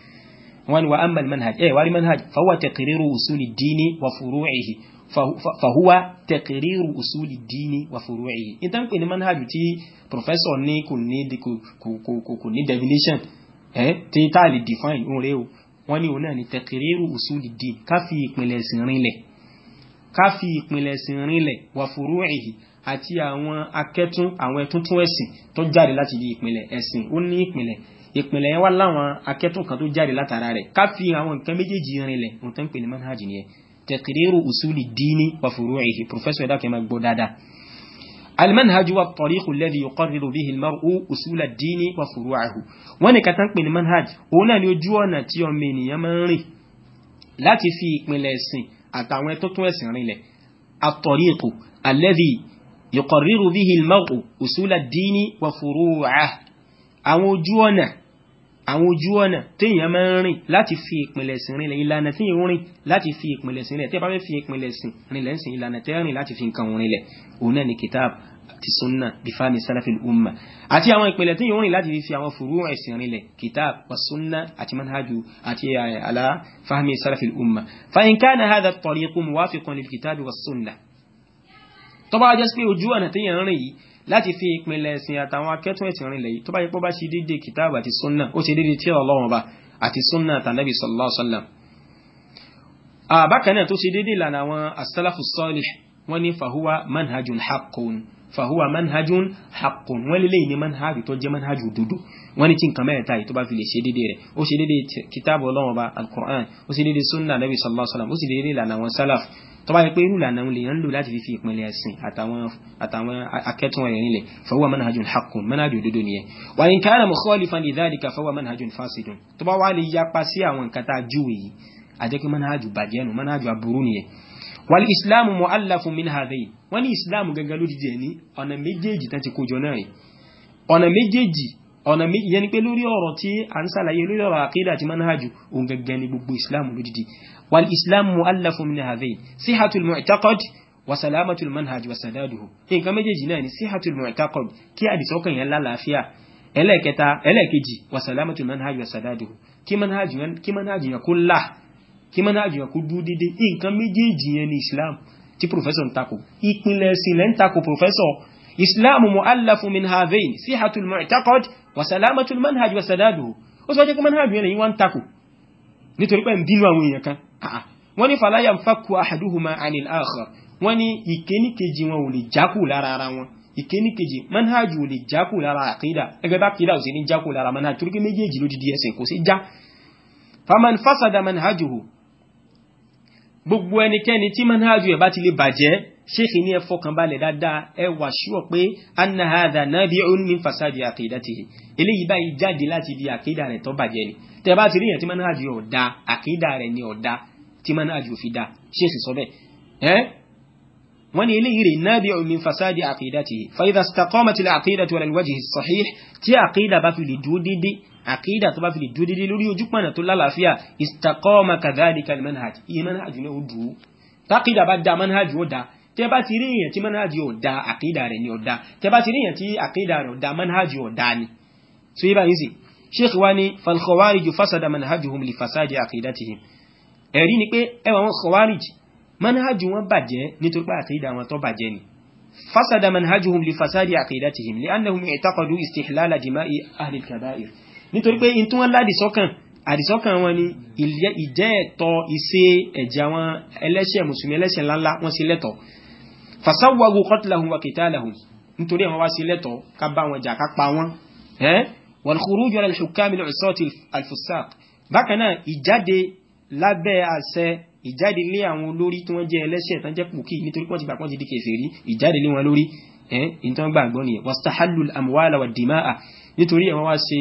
wọ́n ní wa amal manhaj ẹ̀ wá rí manhaj fahuwa taqriru usuli dini wa furu'ihi fahuwa taqriru usuli dini wa furu'ihi ní tán pè ní manhaj tí professor ní kò ní definition ẹ̀ tí táà lè define òun rẹ̀ o wọ́n ní òun náà ní taqriru usuli dini ká ìpìlẹ̀ ẹ̀sìn rinlẹ̀ ká fi ìpìlẹ̀ ẹ̀sìn rinlẹ̀ wà furu'ihi àti àwọn akẹ́tún àwọn ẹ̀túntún ẹ̀sìn tó jáde láti di ìpìlẹ̀ ẹ̀sìn ó ní ìpìlẹ̀ ìpìlẹ̀ yẹn wá láwọn akẹ́tún kan tó jáde látara rẹ̀ ká fi àwọn nǹkan méjèèjì rinlẹ̀ ohun tó ń pè ní manhaj nìyẹn taqriru usuli dini wa furu'ihi pòfẹ́sọ̀ ẹ̀dá kẹ́mẹ́ gbọ́ dáadáa. المنهج والطريق الذي يقرر به المرء أصول الدين وفروعه وانا كتنك من منهج هنا نجوانا تيوميني يمانري لا تفي من لسين àtàwọn tó tún ẹ̀sìn rinlẹ̀ at-tariqu alladhi yuqarriru bihi al-mar'u usula ad-dini wa furu'ahu àwọn ojú ọ̀nà àwọn ojú ọ̀nà téèyàn máa ń rìn láti fi ìpìnlẹ̀ sìn rinlẹ̀ ìlànà tí ń rìn láti fi ìpìnlẹ̀ sìn rinlẹ̀ tí ẹ bá fi ìpìnlẹ̀ sìn rinlẹ̀ ń sìn ìlànà tẹ́ láti fi nǹkan rinlẹ̀ òun náà ni kitab ti sunna bí fáàmì salafil umma àti àwọn ìpìlẹ̀ tí yóò rìn láti fi fi àwọn furu ẹ̀sìn rinlẹ̀ kitab wa sunna àti manhaju àti ala fáàmì salafil umma fa in kana hadha at-tariqu muwafiqan lil kitab wa sunna tó bá jẹ́ pé ojú ọ̀nà tí yẹn rìn yìí láti fi ìpìlẹ̀ ẹ̀sìn àtàwọn akẹ́tún ẹ̀sìn rinlẹ̀ yìí tó bá yẹ pé bá ṣe dédé kitab àti sunna ó ṣe dédé tí ọlọ́run bá àti sunna àtànàbì sallallahu àbákanáà tó ṣe dédé ìlànà àwọn as-salafu wọ́n ní fahuwa manhajun haqqun fàhúwà manhajun haqqun wọ́n lè ní manhajù tó jẹ́ manhajù dúdú wọ́n ni tí nǹkan mẹ́ta yìí tó bá fi lè ṣe dédé rẹ̀ ó ṣe dédé kitabu Ọlọ́run Ọba al-Qur'an ó ṣe dédé sunna nabi sallallahu alaihi wasallam ó ṣe dédé ìlànà àwọn salaf tó bá yẹ pé irú ìlànà wọn lèèyàn ń lò láti fi fi ìpínlẹ̀ ẹ̀sìn àtàwọn akẹ́tùn rẹ̀ nílẹ̀ fàhúwà manhajun haqqun manhajù dúdú nìyẹn wà lè yapa sí àwọn nǹkan tá a júwe wàlí ìsìláàmù mọ̀ aláfún min hadayi wọ́n ní ìsìláàmù gangan ló dìde ní ọ̀nà méjèèjì tán ti kójọ náà rẹ̀ ọ̀nà méjèèjì ọ̀nà méjì yẹn ni pé lórí ọ̀rọ̀ tí a ń sàlàyé lórí ọ̀rọ̀ àkídà àti manhajù òun gangan ni gbogbo ìsìláàmù ló dìde wàlí ìsìláàmù mọ̀ aláfún min hadayi síhàtul mu'taqad wa salamatul manhaj wa sadaduhu nǹkan méjèèjì náà kí mọ́nà àjìyàn kó dúró dédé nǹkan méjèèjì yẹn ni islam tí professor ń takò ìpínlẹ̀ sílẹ̀ ń takò professor islam mu'allafu min havain sihatul mu'taqad wa salamatul manhaj wa sadaduhu ó sọ jẹ́ kí manhaj yẹn lẹ́yìn wá ń takò nítorí pé ń bínú àwọn èèyàn kan wọ́n ní fala yanfaku ahaduhuma anil akhar wọ́n ní ìkéníkejì wọn ò lè jákù lára ara wọn ìkéníkejì manhaj ò lè jákù lára àkídà ẹgbẹ́ bá kídà ò sí ní jákù lára manhaj torí pé méjèèjì ló di díẹ̀ kò sí já faman fasada manhajuhu gbogbo ẹnikẹ́ni tí manhaju ẹ̀ bá ti lè bàjẹ́ ṣéèkì ní ẹ fọkàn balẹ̀ dáadáa ẹ wà ṣúọ̀ pé anna hadha nabi'un min fasadi aqidatihi eléyìí báyìí jáde láti ibi àkídà rẹ̀ tó bàjẹ́ ni tẹ́ ti rí yẹn tí manhaju ọ̀dà àkídà rẹ̀ ni ọ̀dà tí manhaju fi dá ṣéèkì sọ bẹ́ẹ̀ ẹ́ wọ́n ní eléyìí rẹ̀ nabi'un min fasadi aqidatihi fa idha istaqamat al-aqidatu àkídà tó bá fi lè dúró dédé lórí ojúpọ̀nà tó lálàáfíà istaqama kadhalika al manhaj iye manhaj ní ó dùn tákìdà bá da manhaj ó da tẹ bá ti rí èèyàn tí manhaj ó da àkídà rẹ̀ ni ó da tẹ bá ti rí èèyàn tí àkídà rẹ̀ ó da manhaj ó da ni so yí báyìí sì sheikh wa ni fal khawarij fasada manhajuhum li fasadi aqidatihim ẹ̀rí ni pé ẹwà wọn khawarij manhaj wọn bàjẹ́ nítorí pé àkídà wọn tó bàjẹ́ ni fasada manhajuhum li fasadi aqidatihim li annahum i'taqadu istihlala dima'i ahli al-kaba'ir nítorí pé in tí wọ́n ládì sọ́kàn àdìsọ́kàn wọn ni ìjẹ́ ẹ̀tọ́ ìṣe ẹ̀jẹ̀ àwọn ẹlẹ́ṣẹ̀ mùsùlùmí ẹlẹ́ṣẹ̀ ńláńlá wọ́n sí lẹ́tọ̀ fasawwagu qatlahum wa qitalahum nítorí àwọn wá sí lẹ́tọ̀ ká bá wọn jà ká pa wọn wal khuruju ala al-hukkami al-'usati al-fussaq bákan náà ìjáde lábẹ́ àṣẹ ìjáde lé àwọn olórí tí wọ́n jẹ́ ẹlẹ́ṣẹ̀ tán jẹ́ pòkì nítorí wọ́n wọn lórí ìtàn nítorí àwọn wá ṣe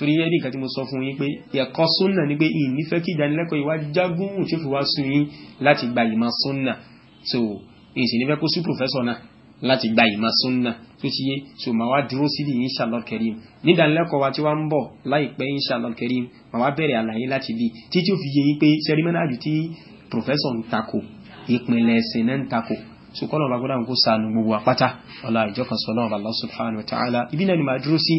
torí ẹni ìkàtí mo sọ fún yín pé ẹ̀kọ́ súnà ni pé ìnífẹ́ kí ìdánilẹ́kọ̀ọ́ ìwà jágún tí ó fi wá sún yín láti gba ìmọ̀ súnà so èsì nífẹ́ kó sí pòfẹ́sọ̀ náà láti gba ìmọ̀ súnà tó ti yé so màá wá dúró síbi inshallah karim ní ìdánilẹ́kọ̀ọ́ wa tí wá ń bọ̀ láìpẹ́ inshallah karim màá wá bẹ̀rẹ̀ kó sànù gbogbo àpáta ọ̀la ìjọkànsọ́lọ́ Allah subhanahu wa ta'ala ibi náà ni màá dúró sí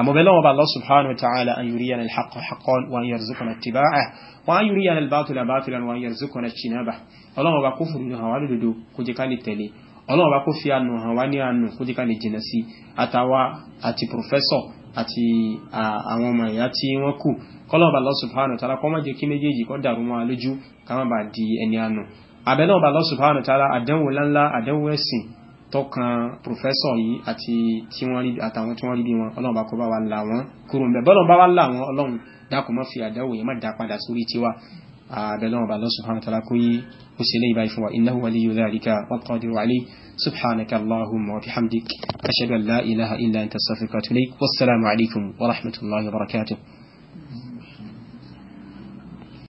àmọ́ bẹ́ẹ̀ lọ́wọ́ bá Allah subhanahu wa ta'ala an yuriyana al-haqqa haqqan wa an yarzuqana ittiba'ah wa an yuriyana al-batila batilan wa an yarzuqana ijtinabah ọlọ́wọ́ bá kó fún ìlú hàn wá lódodo kó jẹ́ ká lè tẹ̀lé ọlọ́wọ́ bá kó fi àánú hàn wá ní àánú kó jẹ́ ká lè jìnà sí àtàwà àti pòfẹ́sọ̀ àti ọmọ ìyá tí wọ́n kù kọ́lọ́wọ́ bá Allah subhanahu wa ta'ala kó má jẹ́ kí méjèèjì kó dàrú wọn lójú ká má bàa di ẹni àánú àbẹ́lọ́wọ́ bá Allah subhanahu wa ta'ala àdánwò láńlá àdánwò ẹ̀sìn tọ́kan pòfẹ́sọ̀ yìí àti tí wọ́n rí àtàwọn tí wọ́n rí bí wọn ọlọ́run bá kọ́ bá wa là wọ́n kúrò ń bẹ̀ bọ́lọ́run bá wa là wọ́n ọlọ́run dákun má fi àdáwò yẹn má dá padà sórí tiwa àbẹ̀lọ́run bá Allah subhanahu wa ta'ala kó yí ó ṣe léyìí báyìí fún wa innahu waliyyu dhalika wal qadiru alayhi subhanaka allahumma wa bihamdik ashhadu an illa anta wa atubu wassalamu alaykum wa rahmatullahi wa barakatuh